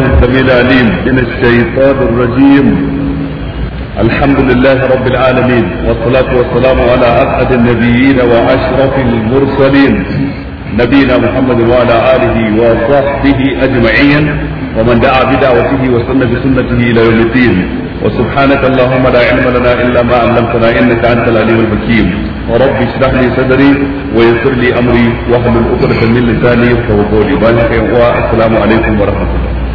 السميع العليم من الشيطان الرجيم الحمد لله رب العالمين والصلاة والسلام على أسعد النبيين وأشرف المرسلين نبينا محمد وعلى آله وصحبه أجمعين ومن دعا بدعوته وسن بسنته إلى يوم الدين وسبحانك اللهم لا علم لنا إلا ما علمتنا إنك أنت العليم الحكيم ورب اشرح لي صدري ويسر لي امري واحلل عقدة من لساني يفقهوا قولي بارك السلام عليكم ورحمه الله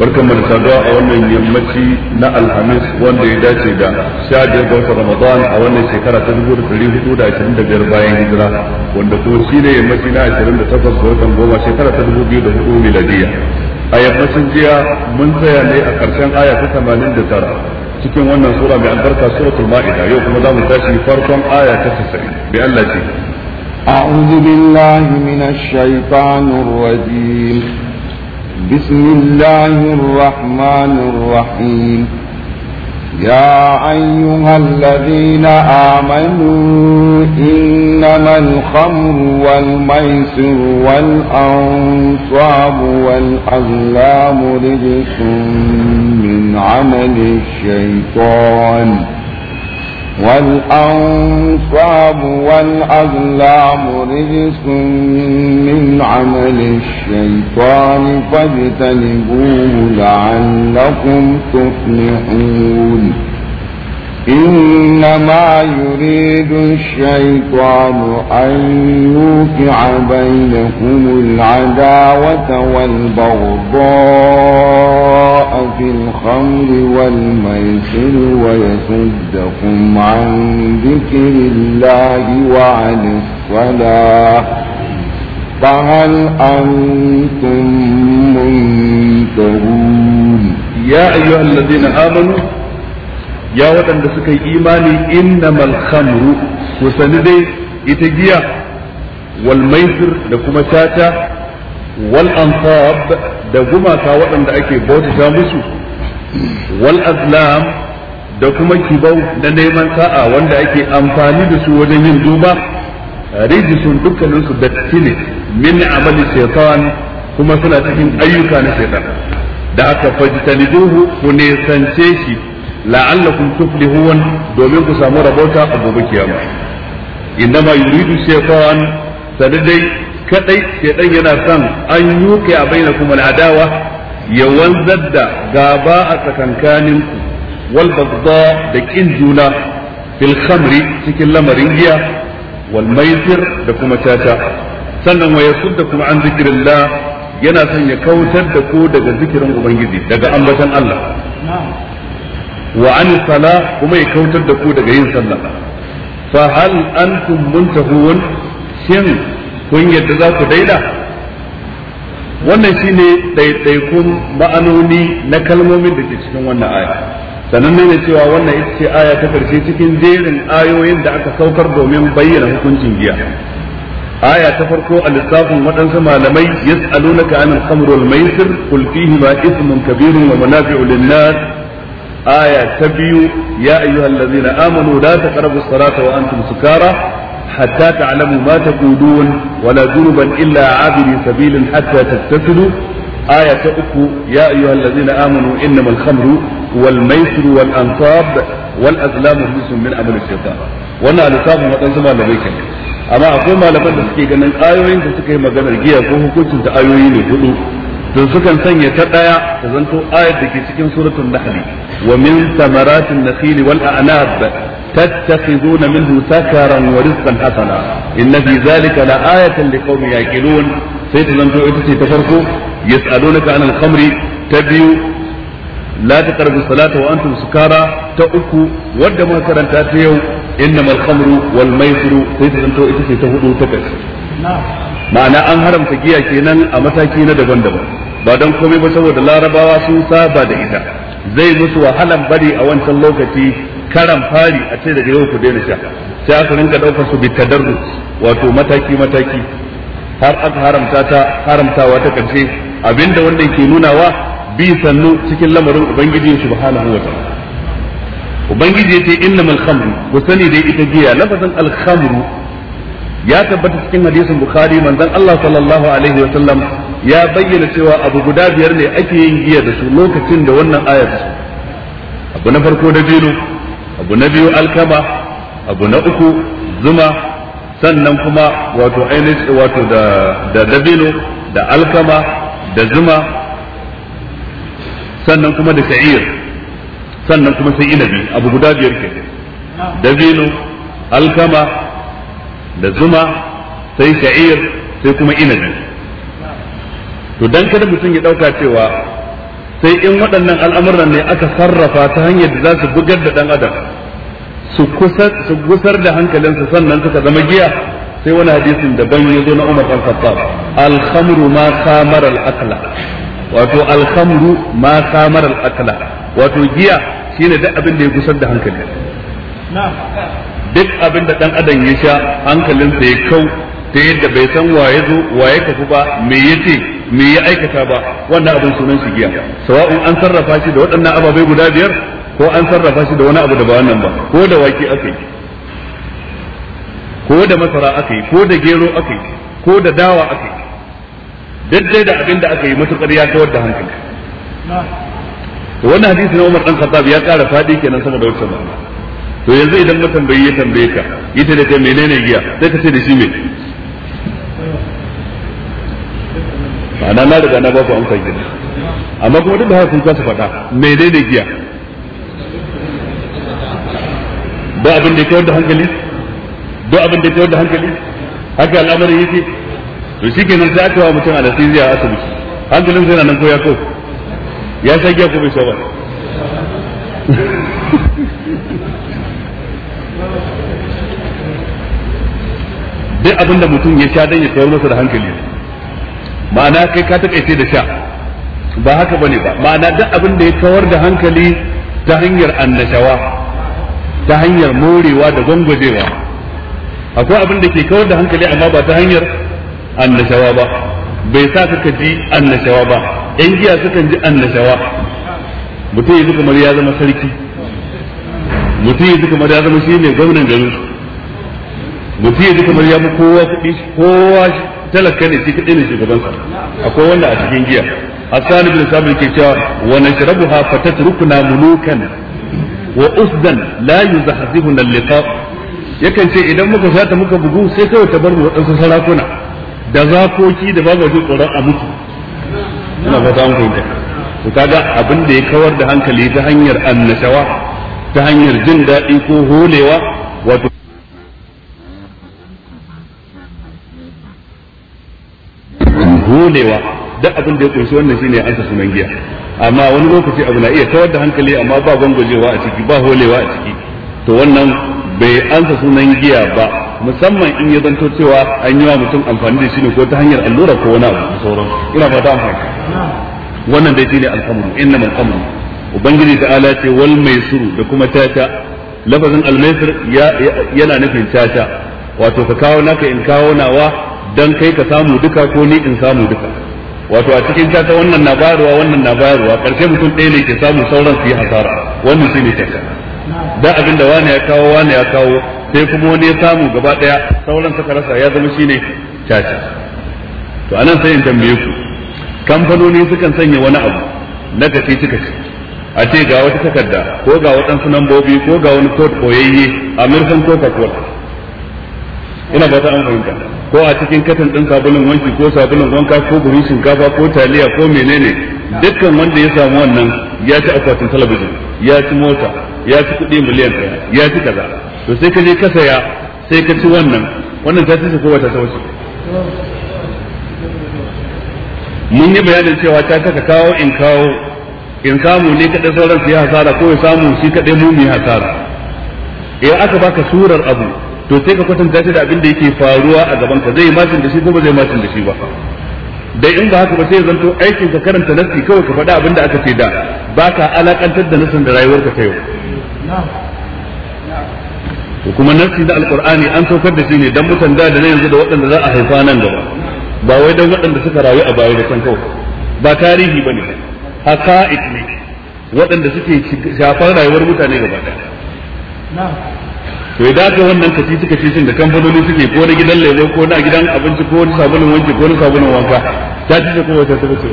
barkan mu da saduwa a wannan yammaci na alhamis wanda ya dace da sha biyar ramadan a wannan shekara ta dubu da ɗari hudu da ashirin da biyar bayan hijira wanda kuma shi ne yammaci na ashirin da takwas ga watan goma shekara ta dubu biyu da hudu miladiya a yammacin jiya mun tsaya ne a ƙarshen aya ta tamanin da tara cikin wannan sura mai albarka suratul ma'ida yau kuma za mu tashi farkon aya ta 90 bi Allah ce أعوذ بالله من الشيطان الرجيم بسم الله الرحمن الرحيم يا أيها الذين آمنوا إنما الخمر والميسر والأنصاب والأزلام رجس من عمل الشيطان والأنصاب والأغلام رجس من عمل الشيطان فاجتنبوه لعلكم تفلحون إنما يريد الشيطان أن يوقع بينكم العداوة والبغضاء في الخمر والميسر ويصدكم عن ذكر الله وعن الصلاة فهل أنتم منتهون يا أيها الذين آمنوا ya waɗanda suka yi imani innamal khamru ku sani dai ita giya wal maisir da kuma tata wal ansab da gumaka waɗanda ake bautata musu wal azlam da kuma kibau na neman sa'a wanda ake amfani da su wajen yin duba rijisun dukkanin su datti ne min amali shaitan kuma suna cikin ayyuka na shaitan da aka fajtaniduhu ku nisance shi la'allakum tuflihun domin ku samu rabota a gobe kiyama innama yuridu shaytan sadadai kadai shaytan yana son an yuke a bainakum al'adawa ya wanzar da gaba a tsakankanin ku wal bagda da kin juna fil khamri cikin lamarin giya wal maisir da kuma tata sannan wa yasuddakum an zikrillah yana son ya kautar da ku daga zikirin ubangiji daga ambaton Allah wa an kuma ya kautar da ku daga yin sallah fa hal antum muntahun shin kun yadda za ku daina wannan shine ɗaiɗaikun ma'anoni na kalmomin da ke cikin wannan aya sannan ne cewa wannan ita ce aya ta karshe cikin jerin ayoyin da aka saukar domin bayyana hukuncin giya aya ta farko a lissafin waɗansu malamai yas'alunaka anil khamr wal maisir qul fihi ma ismun wa manafi'u lin aya ta biyu ya ayyuhal ladzina amanu la taqrabu salata wa antum sukara hatta ta ma mata wa la junuban illa abiri sabilin hatta tattasilu aya ta uku ya ayyuhal ladzina amanu innamal khamru wal maisiru wal ansab wal azlamu rijsun min amali shaytan wannan lissafin waɗansu malamai kenan amma akwai malamai da suke ganin ayoyin da suka yi maganar giya ko hukuncin ta ayoyi ne hudu don sukan sanya ta ɗaya ta zanto ayar da ke cikin suratun nahl ومن ثمرات النخيل والأعناب تتخذون منه سكرا ورزقا حسنا إن في ذلك لآية لقوم يعقلون سيد زنتو إتسي تفرقوا يسألونك عن الخمر تبيو لا تقربوا الصلاة وأنتم سكارى تأكوا ودما كرنتات يوم إنما الخمر والميسر سيد زنتو إتسي تهدو تكس ma'ana an haramta giya kenan a mataki na daban-daban ba don komai ba saboda larabawa sun saba da ita zai musu wahalan bari a wancan lokaci karan fari a ce daga yau ku daina sha sai aka rinka daukar su bi wato mataki mataki har aka haramta ta haramtawa ta karshe abinda wanda ke nunawa bi sannu cikin lamarin ubangiji subhanahu wataala ubangiji yace innamal khamru ku sani dai ita giya lafazin al khamru ya tabbata cikin hadisin bukhari manzon Allah sallallahu alaihi wasallam ya bayyana cewa abu guda biyar ne ake yin giya da su lokacin da wannan aya ta abu na farko da dino abu na biyu alkama abu na uku zuma sannan kuma wato ainihin wato da da dabino da alkama da zuma sannan kuma da sha'ir sannan kuma sai inabi abu guda biyar ke dabino alkama da zuma sai sha'ir sai kuma inabi to dan kada mutum ya dauka cewa sai in waɗannan al'amuran ne aka sarrafa ta hanyar da za su bugar da dan adam su kusar su gusar da hankalinsa sannan suka zama giya sai wani hadisin daban ya zo na Umar bin Khattab al-khamru ma khamara al-aqla wato al-khamru ma khamara al-aqla wato giya shine duk abin da ya gusar da hankali duk abin da dan adam ya sha hankalinsa ya kau ta yadda bai san waye zo waye kafu ba me yace me ya aikata ba wannan abin sunan shi giya sawa'un an sarrafa shi da waɗannan ababai guda biyar ko an sarrafa shi da wani abu da ba wannan ba ko da wake aka yi ko da masara aka yi ko da gero aka yi ko da dawa aka yi daddai da abin da aka yi matuƙar ya kawar da hankali wannan hadisi na Umar dan Khattab ya ƙara fadi kenan sama da wata ba to yanzu idan mutum bai yi tambaye ka ita da kai menene giya sai ka ce da shi me ma'ana na riga na ba ku amsa gidan amma kuma duk da haka kun kasa faɗa da giya ba abin da ya kawar da hankali ba abin da ya kawar da hankali haka al'amari yake to shikenan sai aka wa mutum anesthesia a asibiti hankalin sai na nan ko ya ko ya sha giya ko bai sha ba duk abin da mutum ya sha don ya kawo masa da hankali ma'ana kai ka takaice da sha ba haka bane ba ma'ana duk abin da ya kawar da hankali ta hanyar annashawa ta hanyar morewa da gwangwajewa akwai abin da ke kawar da hankali amma ba ta hanyar annashawa ba bai sa suka ji annashawa ba yan giya sukan ji annashawa mutum ya kamar ya zama sarki mutum ya kamar ya zama shi ne gwamnan garin mutum ya kamar ya fi kowa kuɗi kowa talaka ne shi kadai ne shugaban sa akwai wanda a cikin giya Hassan bin Sabir ke cewa wa nashrabuha fatatrukuna mulukan wa usdan la yuzahzihuna al-liqa yakan ce idan muka sata muka bugu sai kawai ta bar mu wadansu sarakuna da zakoki da babu jin tsoron a mutu ina fata mun fahimta kaga abin da ya kawar da hankali ta hanyar annashawa ta hanyar jin daɗi ko holewa wato dolewa duk abin da ya kunshi wannan shine ya ansa sunan giya amma wani lokaci abu na iya kawar da hankali amma ba gwangwajewa a ciki ba holewa a ciki to wannan bai ansa sunan giya ba musamman in ya zanto cewa an yi wa mutum amfani da shi ne ko ta hanyar allura ko wani abu sauran ina ba ta amfani wannan dai shine alkamuru innama ubangiji ta'ala ce wal maisuru da kuma tata lafazin almaisir yana nufin tata wato ka kawo naka in kawo nawa dan kai ka samu duka ko ni in samu duka wato a cikin ta wannan na bayarwa wannan na bayarwa karshe mutum ɗaya ne ke samu sauran su yi hasara wannan shi ne kyauta da abin da wani ya kawo wani ya kawo sai kuma wani ya samu gaba ɗaya sauran suka rasa ya zama shi ne caca to anan sai in tambaye ku kamfanoni sukan sanya wani abu na kace cika ci a ce ga wata takarda ko ga waɗansu nambobi ko ga wani kod koyayye a mirkan coca cola ina ba ta an fahimta ko a cikin katin din sabulun wanki ko sabulun wanka ko buhun shinkafa ko taliya ko menene dukkan wanda ya samu wannan ya ci akwatin talabijin ya ci mota ya ci kuɗi miliyan ɗaya ya ci kaza to sai ka je ka saya sai ka ci wannan wannan ta ci ko wata ta wuce mun yi bayanin cewa ta kaka kawo in kawo in samu ne kaɗai sauran su yi hasara ko ya samu shi kaɗai mu mu yi hasara idan aka baka surar abu to sai ka kwatanta shi da abin da yake faruwa a gaban ka zai matin da shi ko ba zai matin da shi ba dai in ba haka ba sai zanto aikin ka karanta nassi kawai ka faɗa abin da aka ce da ba ka alakantar da nassin da rayuwarka ta yau to kuma nassi da alqur'ani an saukar da shi ne dan mutan da na yanzu da waɗanda za a haifa nan gaba ba wai dan waɗanda suka rayu a baya da kawai ba tarihi bane haka'iq ne waɗanda suke shafar rayuwar mutane gaba ɗaya to idan ka wannan kaci suka ci sun da kamfanoni suke ko na gidan lemo ko na gidan abinci ko na sabulun wanki ko na sabulun wanka ta ci ko wata ta ce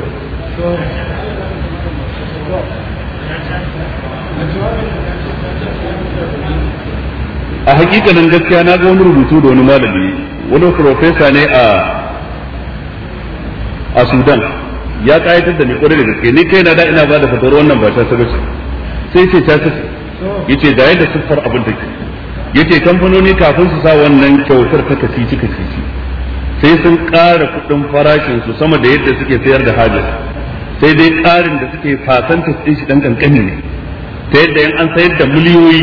a hakikanin gaskiya na ga wani rubutu da wani malami wani profesa ne a a sudan ya kayatar da ni kwarai da gaske ni kai na da ina ba da fatar wannan ba ta sabace sai ce ta sabace yace da yadda siffar abin take yace kamfanoni kafin su sa wannan kyautar ta cika kacici sai sun ƙara kuɗin farashin su sama da yadda suke sayar da hajar sai dai ƙarin da suke fasanta su shi dan kankani ne ta yadda in an sayar da miliyoyi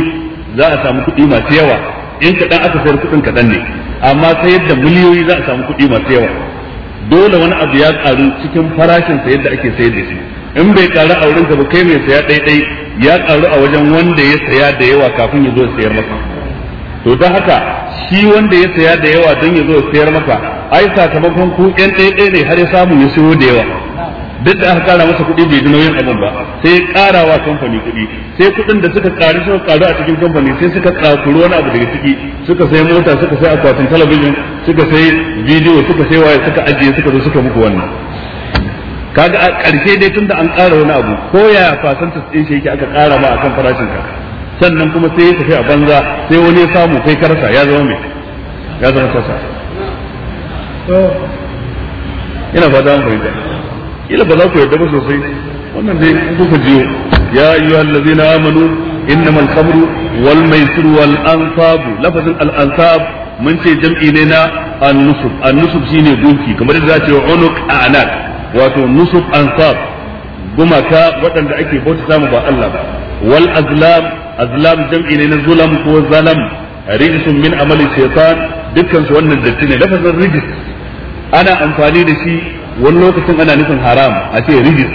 za a samu kuɗi masu yawa in kaɗan aka sayar kuɗin kaɗan ne amma sayar da miliyoyi za a samu kuɗi masu yawa dole wani abu ya ƙaru cikin farashin sa yadda ake sayar da shi in bai ƙaru a wurin ba kai mai saya ɗaiɗai ya ƙaru a wajen wanda ya saya da yawa kafin ya zo sayar masa to da haka shi wanda ya saya da yawa don ya zo sayar maka ai sakamakon ku ɗan ɗaya ne har ya samu ya siyo da yawa duk da aka kara masa kuɗi bai ji nauyin abin ba sai ya kara wa kamfani kuɗi sai kuɗin da suka ƙari suka ƙaru a cikin kamfani sai suka tsakuri wani abu daga ciki suka sai mota suka sai akwatin talabijin suka sai bidiyo suka sai waya suka ajiye suka zo suka muku wannan kaga a ƙarshe dai tunda an ƙara wani abu ko ya fasantar ɗin shi yake aka ƙara ma akan farashin ka sannan kuma sai ya tafi a banza sai wani ya samu kai karsa ya zama mai ya zama kasa ina fata an fahimta ila ba za ku yarda ba sosai wannan dai kuka jiyo ya ayyuhal ladzina amanu إنما الخمر والميسر والأنصاب لفظ الأنصاب من شيء جمعي لنا النصب النصب شيني دوكي كما رجعت عنق أعناق wato نصب أنصاب gumaka waɗanda ake bauta samu ba Allah ba wal azlam azlam jam'i ne na zulam ko zalam rijisun min amali shaytan dukkan su wannan datti ne lafazin rijis ana amfani da shi wani lokacin ana nufin haram a ce rijis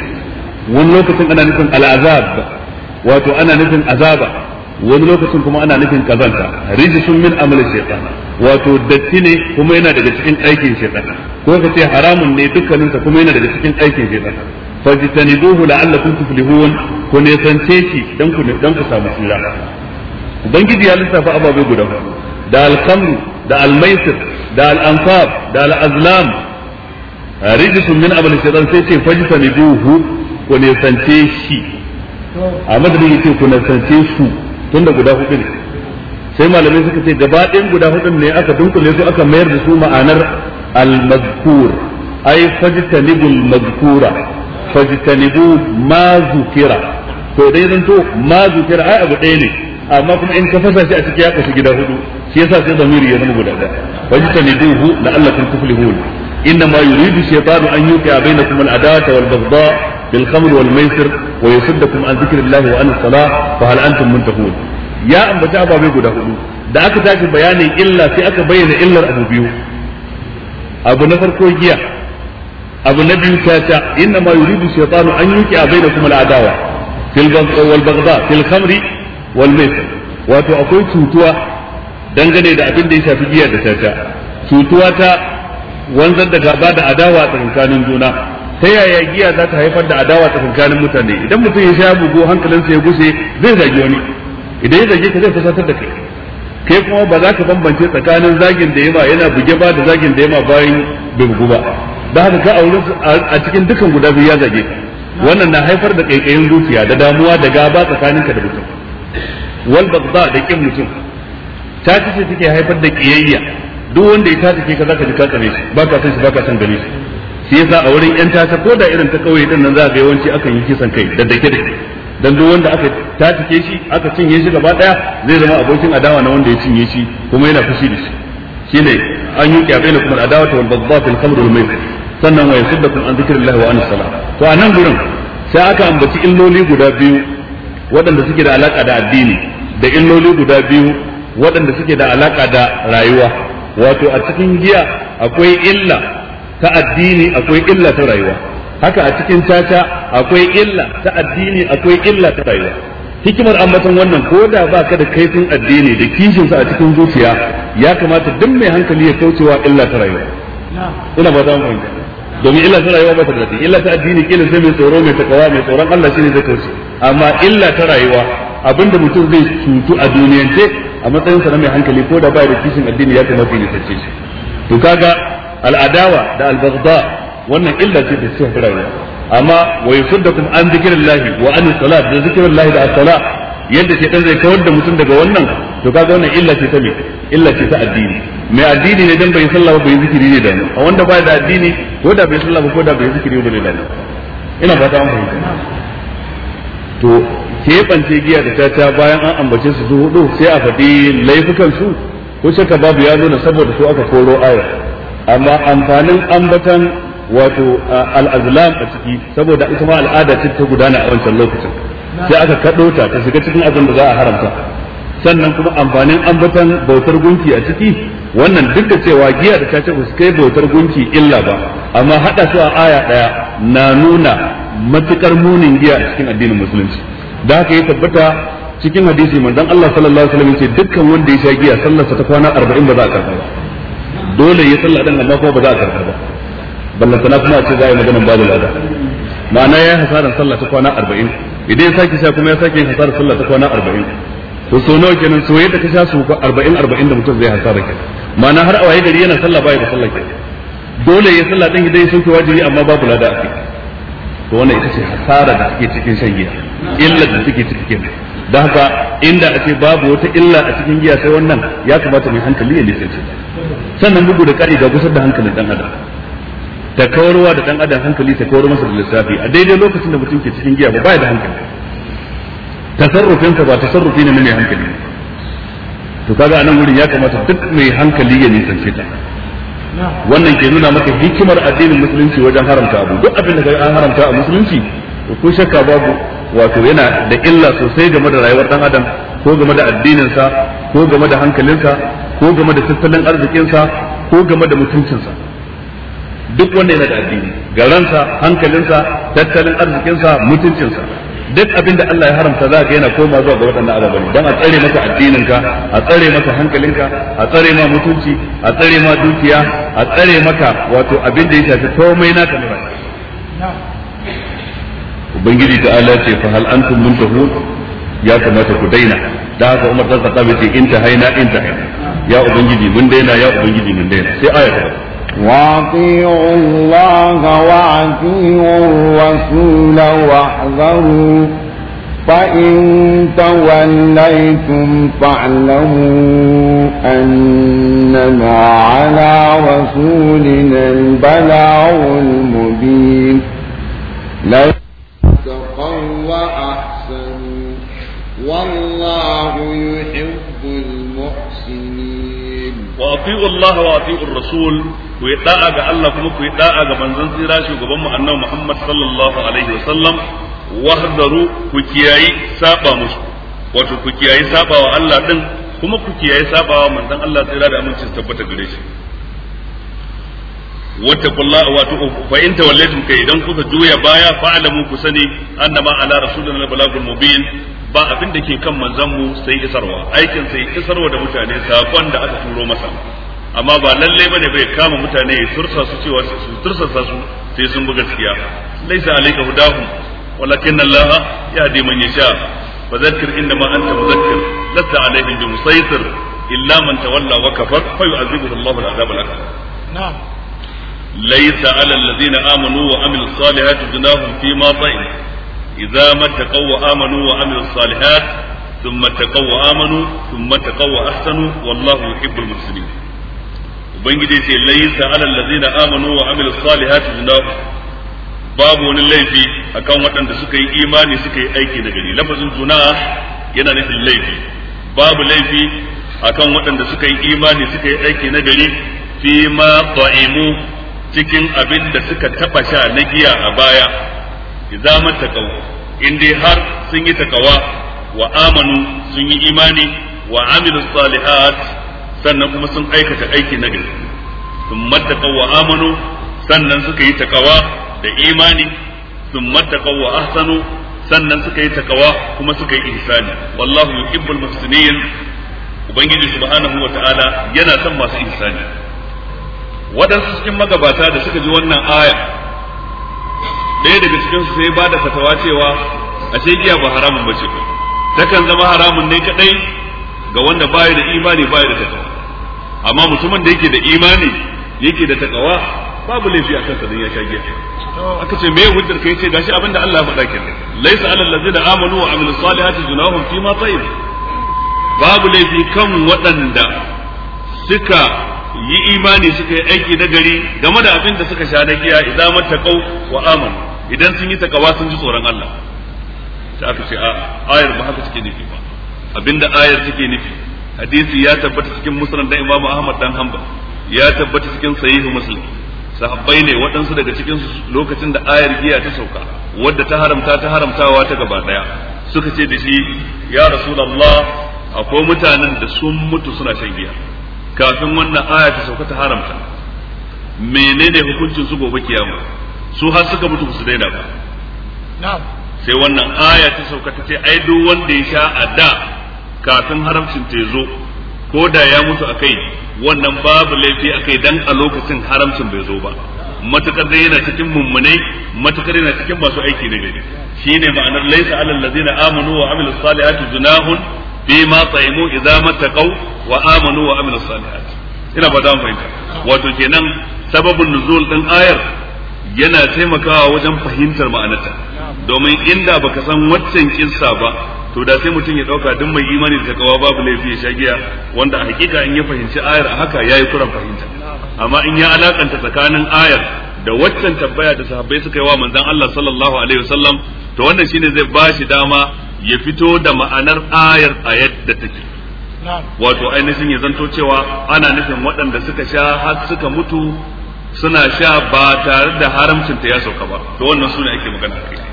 wani lokacin ana nufin al'azab wato ana nufin azaba wani lokacin kuma ana nufin kazanta rijisun min amali shaytan wato datti ne kuma yana daga cikin aikin shaytan ko ka ce haramun ne dukkaninsa kuma yana daga cikin aikin shaytan fajtanibuhu la'allakum tuflihun ku ne sance shi dan ku dan ku samu tsira ubangiji ya lissafa ababai guda da al-khamr da al-maisir da al da al-azlam min shaytan sai ce fajtanibuhu ku ne sance shi a madadin yace ku ne sance su tunda guda hudu ne sai malamai suka ce gaba ɗayan guda hudun ne aka dunkule su aka mayar da su ma'anar al-mazkur ay fajtanibul mazkura fajtanibu ma zukira to dai zan to ma zukira ai abu ɗaya ne amma kuma in ka fasa shi a cikin yaka shi gida hudu shi yasa sai zamiri ya zama guda ɗaya fajtanibu hu la'allakum tuflihun inna ma yuridu shaytanu an yuqi'a bainakum al'adawa wal baghda bil khamr wal maisir wa yusaddakum an dhikrillahi wa an salah fa hal antum muntahun ya ambata babu guda hudu da aka tashi bayanin illa sai aka bayyana illar abu biyu abu na farko giya abu na biyu caca inna ma yuridu shaytanu an yuki a bainakum kuma al'adawa fil wal baghdha fil khamri wal wato akwai cutuwa dangane da abin da ya shafi giya da caca cutuwa ta wanzar da gaba da adawa tsakanin juna ta yaya giya za ta haifar da adawa tsakanin mutane idan mutum ya sha bugu hankalinsa ya gushe zai zagi wani idan ya zage ka zai fusatar da kai kai kuma ba za ka bambance tsakanin zagin da yama yana buge ba da zagin da yama bayan bai bugu ba da haka ka aure a cikin dukan guda biyu ya zage ka wannan na haifar da kaikayin zuciya da damuwa da gaba tsakaninka da mutum wal bagda da kin mutum ta ce take haifar da kiyayya duk wanda ya tace ka zaka ji ka kare shi baka san shi baka san gare shi shi yasa a wurin yan tata ko da irin ta kauye din nan za ga yawanci akan yi kisan kai da dake dake dan duk wanda aka ke shi aka cinye shi gaba daya zai zama abokin adawa na wanda ya cinye shi kuma yana fushi da shi shine an yi kyabe kuma adawa wal bagda fil khamr wal maisir sannan wa yasuddakum an zikrillah wa an sala to a nan gurin sai aka ambaci illoli guda biyu waɗanda suke da alaka da addini da illoli guda biyu waɗanda suke da alaka da rayuwa wato a cikin giya akwai illa ta addini akwai illa ta rayuwa haka a cikin caca akwai illa ta addini akwai illa ta rayuwa hikimar ambaton wannan ko da ba ka da kaifin addini da kishinsa a cikin zuciya ya kamata duk mai hankali ya kaucewa illa ta rayuwa ina ba za mu domin illa ta rayuwa ba ta dace illa ta addini kila sai mai tsoro mai takawa mai tsoron Allah shine zai kauce amma illa ta rayuwa abinda mutum zai cutu a duniyance a matsayin sa na mai hankali ko da ba da kishin addini ya kamata ya tace shi to kaga al'adawa da al wannan illa ce da cikin rayuwa amma wa yusuddakum an zikrillahi wa an salat da zikrillahi da as-salat yadda shaitan zai kawar da mutum daga wannan to kaga wannan illa ce ta me illa ce ta addini mai addini ne dan bai sallah ba bai zikiri ne da a wanda ba da addini ko da bai sallah ba ko da bai zikiri ba ne da ina ba ta amfani. to keɓance giya da tata bayan an ambace su su hudu sai a faɗi laifukan su ko shakka babu ya nuna saboda su aka koro ayar amma amfanin ambatan wato al'azlam a ciki saboda ita ma al'ada ce ta gudana a wancan lokacin sai aka kaɗo ta ta shiga cikin abin da za a haramta sannan kuma amfanin ambatan bautar gunki a ciki wannan duk da cewa giya da ta ce su kai bautar gunki illa ba amma haɗa su a aya ɗaya na nuna matukar munin giya a cikin addinin musulunci da haka ya tabbata cikin hadisi manzon Allah sallallahu alaihi wasallam ce dukkan wanda ya sha giya sallarsa ta kwana 40 ba za a karba ba dole ya sallah dan amma kuma ba za a karba ba sana kuma a ce za a yi maganin ba da lada ma'ana ya hasaran sallah ta kwana 40 idan ya sake sha kuma ya sake yin da sallah ta kwana arba'in to so nawa kenan so yadda ka sha su arba'in arba'in da mutum zai hasara kenan ma'ana har a waye gari yana sallah baya da sallah kenan dole ya sallah din idan ya sauke wajibi amma babu lada a ciki to wannan ita ce hasara da ake cikin shan giya illa da take ciki kenan dan haka inda ake babu wata illa a cikin giya sai wannan ya kamata mai hankali ya nisance sannan bugu da kari ga gusar da hankalin dan adam ta kawarwa da dan adam hankali ta kawar masa da lissafi a daidai lokacin da mutum ke cikin giya ba ba da hankali tasarrufinka ba tasarrufi ne na mai hankali to kaga anan wurin ya kamata duk mai hankali ya nisance ta wannan ke nuna maka hikimar addinin musulunci wajen haramta abu duk abin da an haramta a musulunci ko shakka babu wato yana da illa sosai game da rayuwar dan adam ko game da addininsa ko game da hankalinsa ko game da tattalin arzikinsa ko game da mutuncinsa duk wanda yana da addini garansa hankalinsa tattalin arzikinsa mutuncinsa duk abin da Allah ya haramta za ka yana koma zuwa ga waɗannan alabari don a tsare masa addininka a tsare masa hankalinka a tsare ma mutunci a tsare ma dukiya a tsare maka wato abin da ya shafi komai naka ne ubangiji ta ala ce fa hal antum muntahun ya kamata ku daina da haka Umar ta tsaka ce in ta haina in ta haina ya ubangiji mun daina ya ubangiji mun daina sai aya ta وأطيعوا الله وأطيعوا الرسول واحذروا فإن توليتم فاعلموا أنما على رسولنا البلاغ المبين لن تقوى والله يحب المحسنين وأطيعوا الله وأطيعوا الرسول ku yi da'a ga Allah kuma ku yi da'a ga manzon tsira shugaban mu annabi Muhammad sallallahu alaihi wasallam wahdaru ku kiyayi saba musu wato ku kiyayi wa Allah din kuma ku kiyayi sabawa manzon Allah tsira da aminci su tabbata gare shi wattaqullaha wato fa in tawallaytum kai idan kuka juya baya fa fa'lamu ku sani annama ala rasulina balagul mubin ba abin da ke kan manzon mu sai isarwa aikin sai isarwa da mutane sakon da aka turo masa amma ba lalle bane bai kama mutane ya tursa su cewa su tursa su sai sun bi gaskiya laisa alayka hudahum walakin Allah yahdi man yasha wa dhakkir ma anta mudhakkir lasta alayhim bi musaytir illa man tawalla wa kafar fa yu'adhibuhu Allah al'adab al-akbar na'am ليس على الذين آمنوا وعملوا الصالحات جناهم فيما طعم إذا ما اتقوا وآمنوا وعملوا الصالحات ثم اتقوا amanu ثم اتقوا وأحسنوا wallahu يحب المحسنين ubangiji ce laysa alal ladzina amanu wa amilus salihati junah babu wani laifi akan waɗanda suka yi imani suka yi aiki da gari lafazin junah yana nufin laifi babu laifi akan waɗanda suka yi imani suka yi aiki na gari fi ma ta'imu cikin abin da suka taba sha na giya a baya idza matakau in dai har sun yi takawa wa amanu sun yi imani wa amilus salihat sannan kuma sun aikata aiki na gari sun mattaqaw wa amanu sannan suka yi takawa da imani sun mattaqaw wa ahsano sannan suka yi takawa kuma suka yi ihsani wallahu yuhibbul muhsinin ubangiji subhanahu wataala yana son masu ihsani waɗansu cikin magabata da suka ji wannan aya ɗaya daga cikin su sai ba da fatawa cewa ashe giya ba haramun ba. takan zama haramun ne kadai ga wanda baya da imani bayi da takawa amma mutumin da yake da imani yake da takawa babu laifi a kansa dan ya sha giya aka ce me hujjar kai ce gashi abinda Allah ya faɗa kenan laysa alal ladzina amanu wa amilus salihati junahum fi ma tayyib babu laifi kan waɗanda suka yi imani suka yi aiki na gari game da abin da suka sha na giya idan mattaqau wa amanu idan sun yi takawa sun ji tsoron Allah sai aka ce a ayar ba haka take nufi ba abinda ayar take nufi hadisi ya tabbata cikin musnad da Imam Ahmad dan Hanbal ya tabbata cikin sahih Muslim sahabbai ne waɗansu daga cikin lokacin da ayar giya ta sauka wadda ta haramta ta haramtawa ta gaba daya suka ce da shi ya rasulullah akwai mutanen da sun mutu suna shan giya kafin wannan aya ta sauka ta haramta menene hukuncin su gobe kiyama su har suka mutu su daina ba sai wannan aya ta sauka ta ce ai duk wanda ya sha a da kafin haramcin ta zo ko da ya mutu a kai wannan babu laifi a kai dan a lokacin haramcin bai zo ba matukar dai yana cikin mummunai matukar yana cikin masu aiki na gari shine ma'anar laisa alal ladzina amanu wa amilus salihati junahun bima taimu idza mattaqau wa amanu wa amilus salihati ina ba da fahimta wato kenan sababin nuzul din ayar yana taimakawa wajen fahimtar ma'anarta domin inda baka san waccan kissa ba to da sai mutum ya dauka duk mai imani da kawa babu laifi ya shagiya wanda a hakika in ya fahimci ayar a haka yayi kuran fahimta amma in ya alakanta tsakanin ayar da waccan tabbaya da sahabbai suka yi wa manzon Allah sallallahu alaihi wasallam to wannan shine zai ba shi dama ya fito da ma'anar ayar a yadda take wato ainihin ya zanto cewa ana nufin waɗanda suka sha har suka mutu suna sha ba tare da haramcin ta ya sauka ba to wannan sune ake magana kai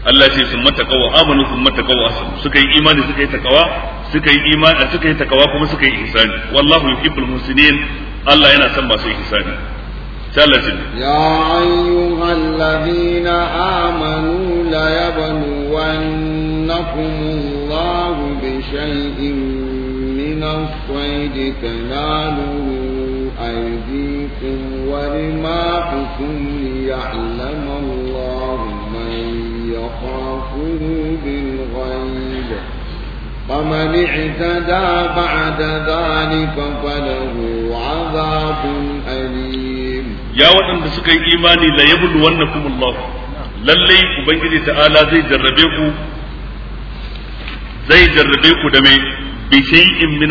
Allah ce sun matakawa amanu sun matakawa suka yi imani suka yi takawa suka yi imani eh, suka yi takawa kuma suka yi ihsani wallahu yuhibbul muhsinin Allah yana son masu ihsani ثالثا na أيها الذين آمنوا ليبلونكم الله بشيء من الصيد تناله أيديكم ورماحكم ليعلم وخافوا بالغيب فمن اعتدى بعد ذلك فله عذاب أليم يا وطن بسكي إيماني لا يبلونكم الله lallai ubangiji ta'ala zai jarrabe ku da mai bishai'in min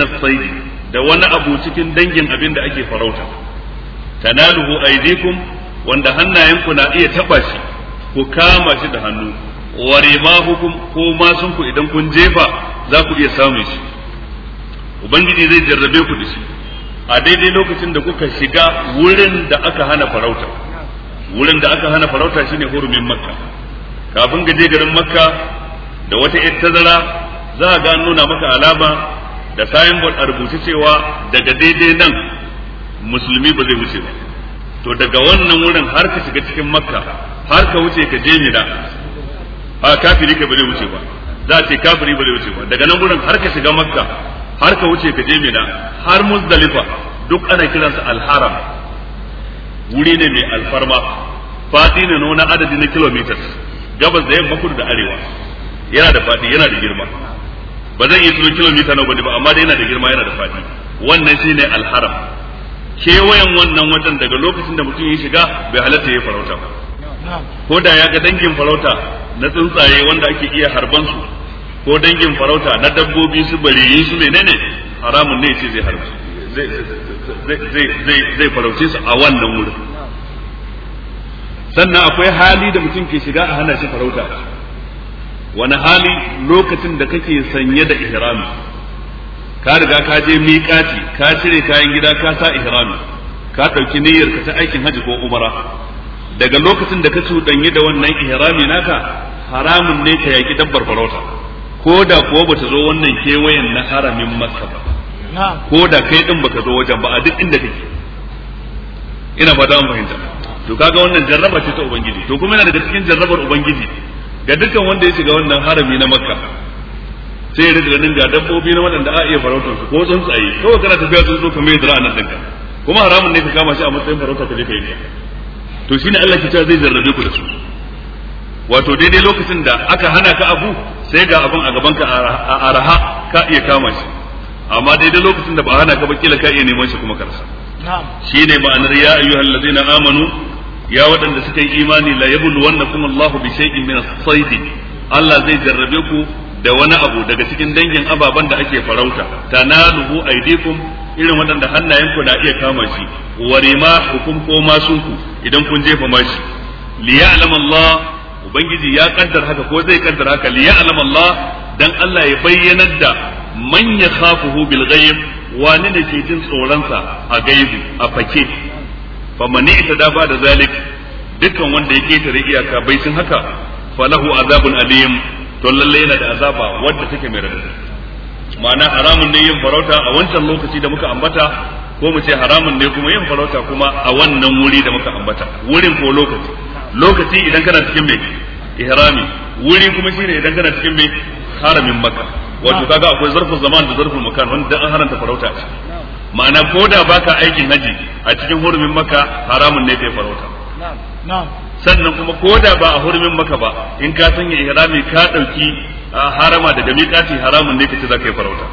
da wani abu cikin dangin abin da ake farauta tanaluhu aydikum wanda hannayenku na iya taba shi ku kama shi da hannu ma hukum ko masunku idan kun jefa za ku iya samun shi ubangiji zai jarrabe ku da shi a daidai lokacin da kuka shiga wurin da aka hana farauta wurin da aka hana farauta shine hurumin makka kafin gaje garin makka da wata yar tazara za a ga nuna maka alama da sayan a rubuce cewa daga daidai nan musulmi ba zai wuce ba to daga wannan wurin har ka shiga cikin makka har ka wuce ka je mina a kafiri ka bare wuce ba za a ce kafiri bare wuce ba daga nan gurin har ka shiga makka har ka wuce ka je mina har muzdalifa duk ana kiransa alharam wuri ne mai alfarma fadi ne nuna adadi na kilometers gabas da yamma kudu da arewa yana da fadi yana da girma ba zan iya tuno kilomita na gudu ba amma da yana da girma yana da fadi wannan shi ne alharam kewayen wannan wajen daga lokacin da mutum ya shiga bai halatta ya farauta ba ko da ya ga dangin farauta na tsuntsaye wanda ake iya harban su ko dangin farauta na dabbobi su bariyi su menene haramun ne ce zai harba zai farauce su a wannan wurin sannan akwai hali da mutum ke shiga a hana shi farauta wani hali lokacin da kake sanye da ihrami ka riga ka je miƙati ka cire kayan gida ka sa ihrami ka ɗauki niyyar ka ta aikin hajji ko umara daga lokacin da ka cuɗanyi da wannan ihrami naka haramun ne ka yaki dabbar farauta ko da kuwa bata zo wannan kewayen na haramin masa ba ko da kai din baka zo wajen ba a duk inda kake ina fata an fahimta to kaga wannan jarraba ce ta ubangiji to kuma yana daga cikin jarrabar ubangiji ga dukkan wanda ya shiga wannan harami na makka sai ya rika ganin ga dabbobi na waɗanda a iya farautar su ko tsaye kawai kana tafiya sun zo ka mai a nan ɗinka kuma haramun ne ka kama shi a matsayin farauta ka je ka yi to shine Allah ke cewa zai jarrabe ku da su wato daidai lokacin da aka hana ka abu sai ga abin a gaban ka a araha ka iya kama shi amma daidai lokacin da ba hana ka ba kila ka iya neman shi kuma karsa ne ma'anar ya ayyuhal ladina amanu ya waɗanda suka yi imani la yabluwannakum Allahu bi shay'in min as-sayd Allah zai jarrabe ku da wani abu daga cikin dangin ababen da ake farauta tanaluhu aydikum irin waɗanda hannayenku na iya kama shi wa rimahukum ko masunku idan kun jefa mashi liya'lam Allah ubangiji ya ƙaddar haka ko zai kaddar haka liya alamalla dan Allah ya bayyanar da man yakhafuhu bil ghaib wani ne ke jin tsoron sa a gaibi a fake fa man da ba da zalik dukkan wanda ya ketare iyaka bai sun haka falahu azabun alim to lalle yana da azaba wanda take mai radadi ma'ana haramun ne yin farauta a wancan lokaci da muka ambata ko mu ce haramun ne kuma yin farauta kuma a wannan wuri da muka ambata wurin ko lokaci lokaci idan kana cikin mai ihrami wuri kuma shine idan kana cikin mai haramin makka wato kaga akwai zarfin zaman da zarfin makan wanda dan an haranta farauta ma'ana ko da baka aikin haji a cikin hurumin maka haramun ne kai farauta sannan kuma ko da ba a hurumin maka ba in ka sanya ihrami ka dauki harama daga miƙati haramun ne kace za yi farauta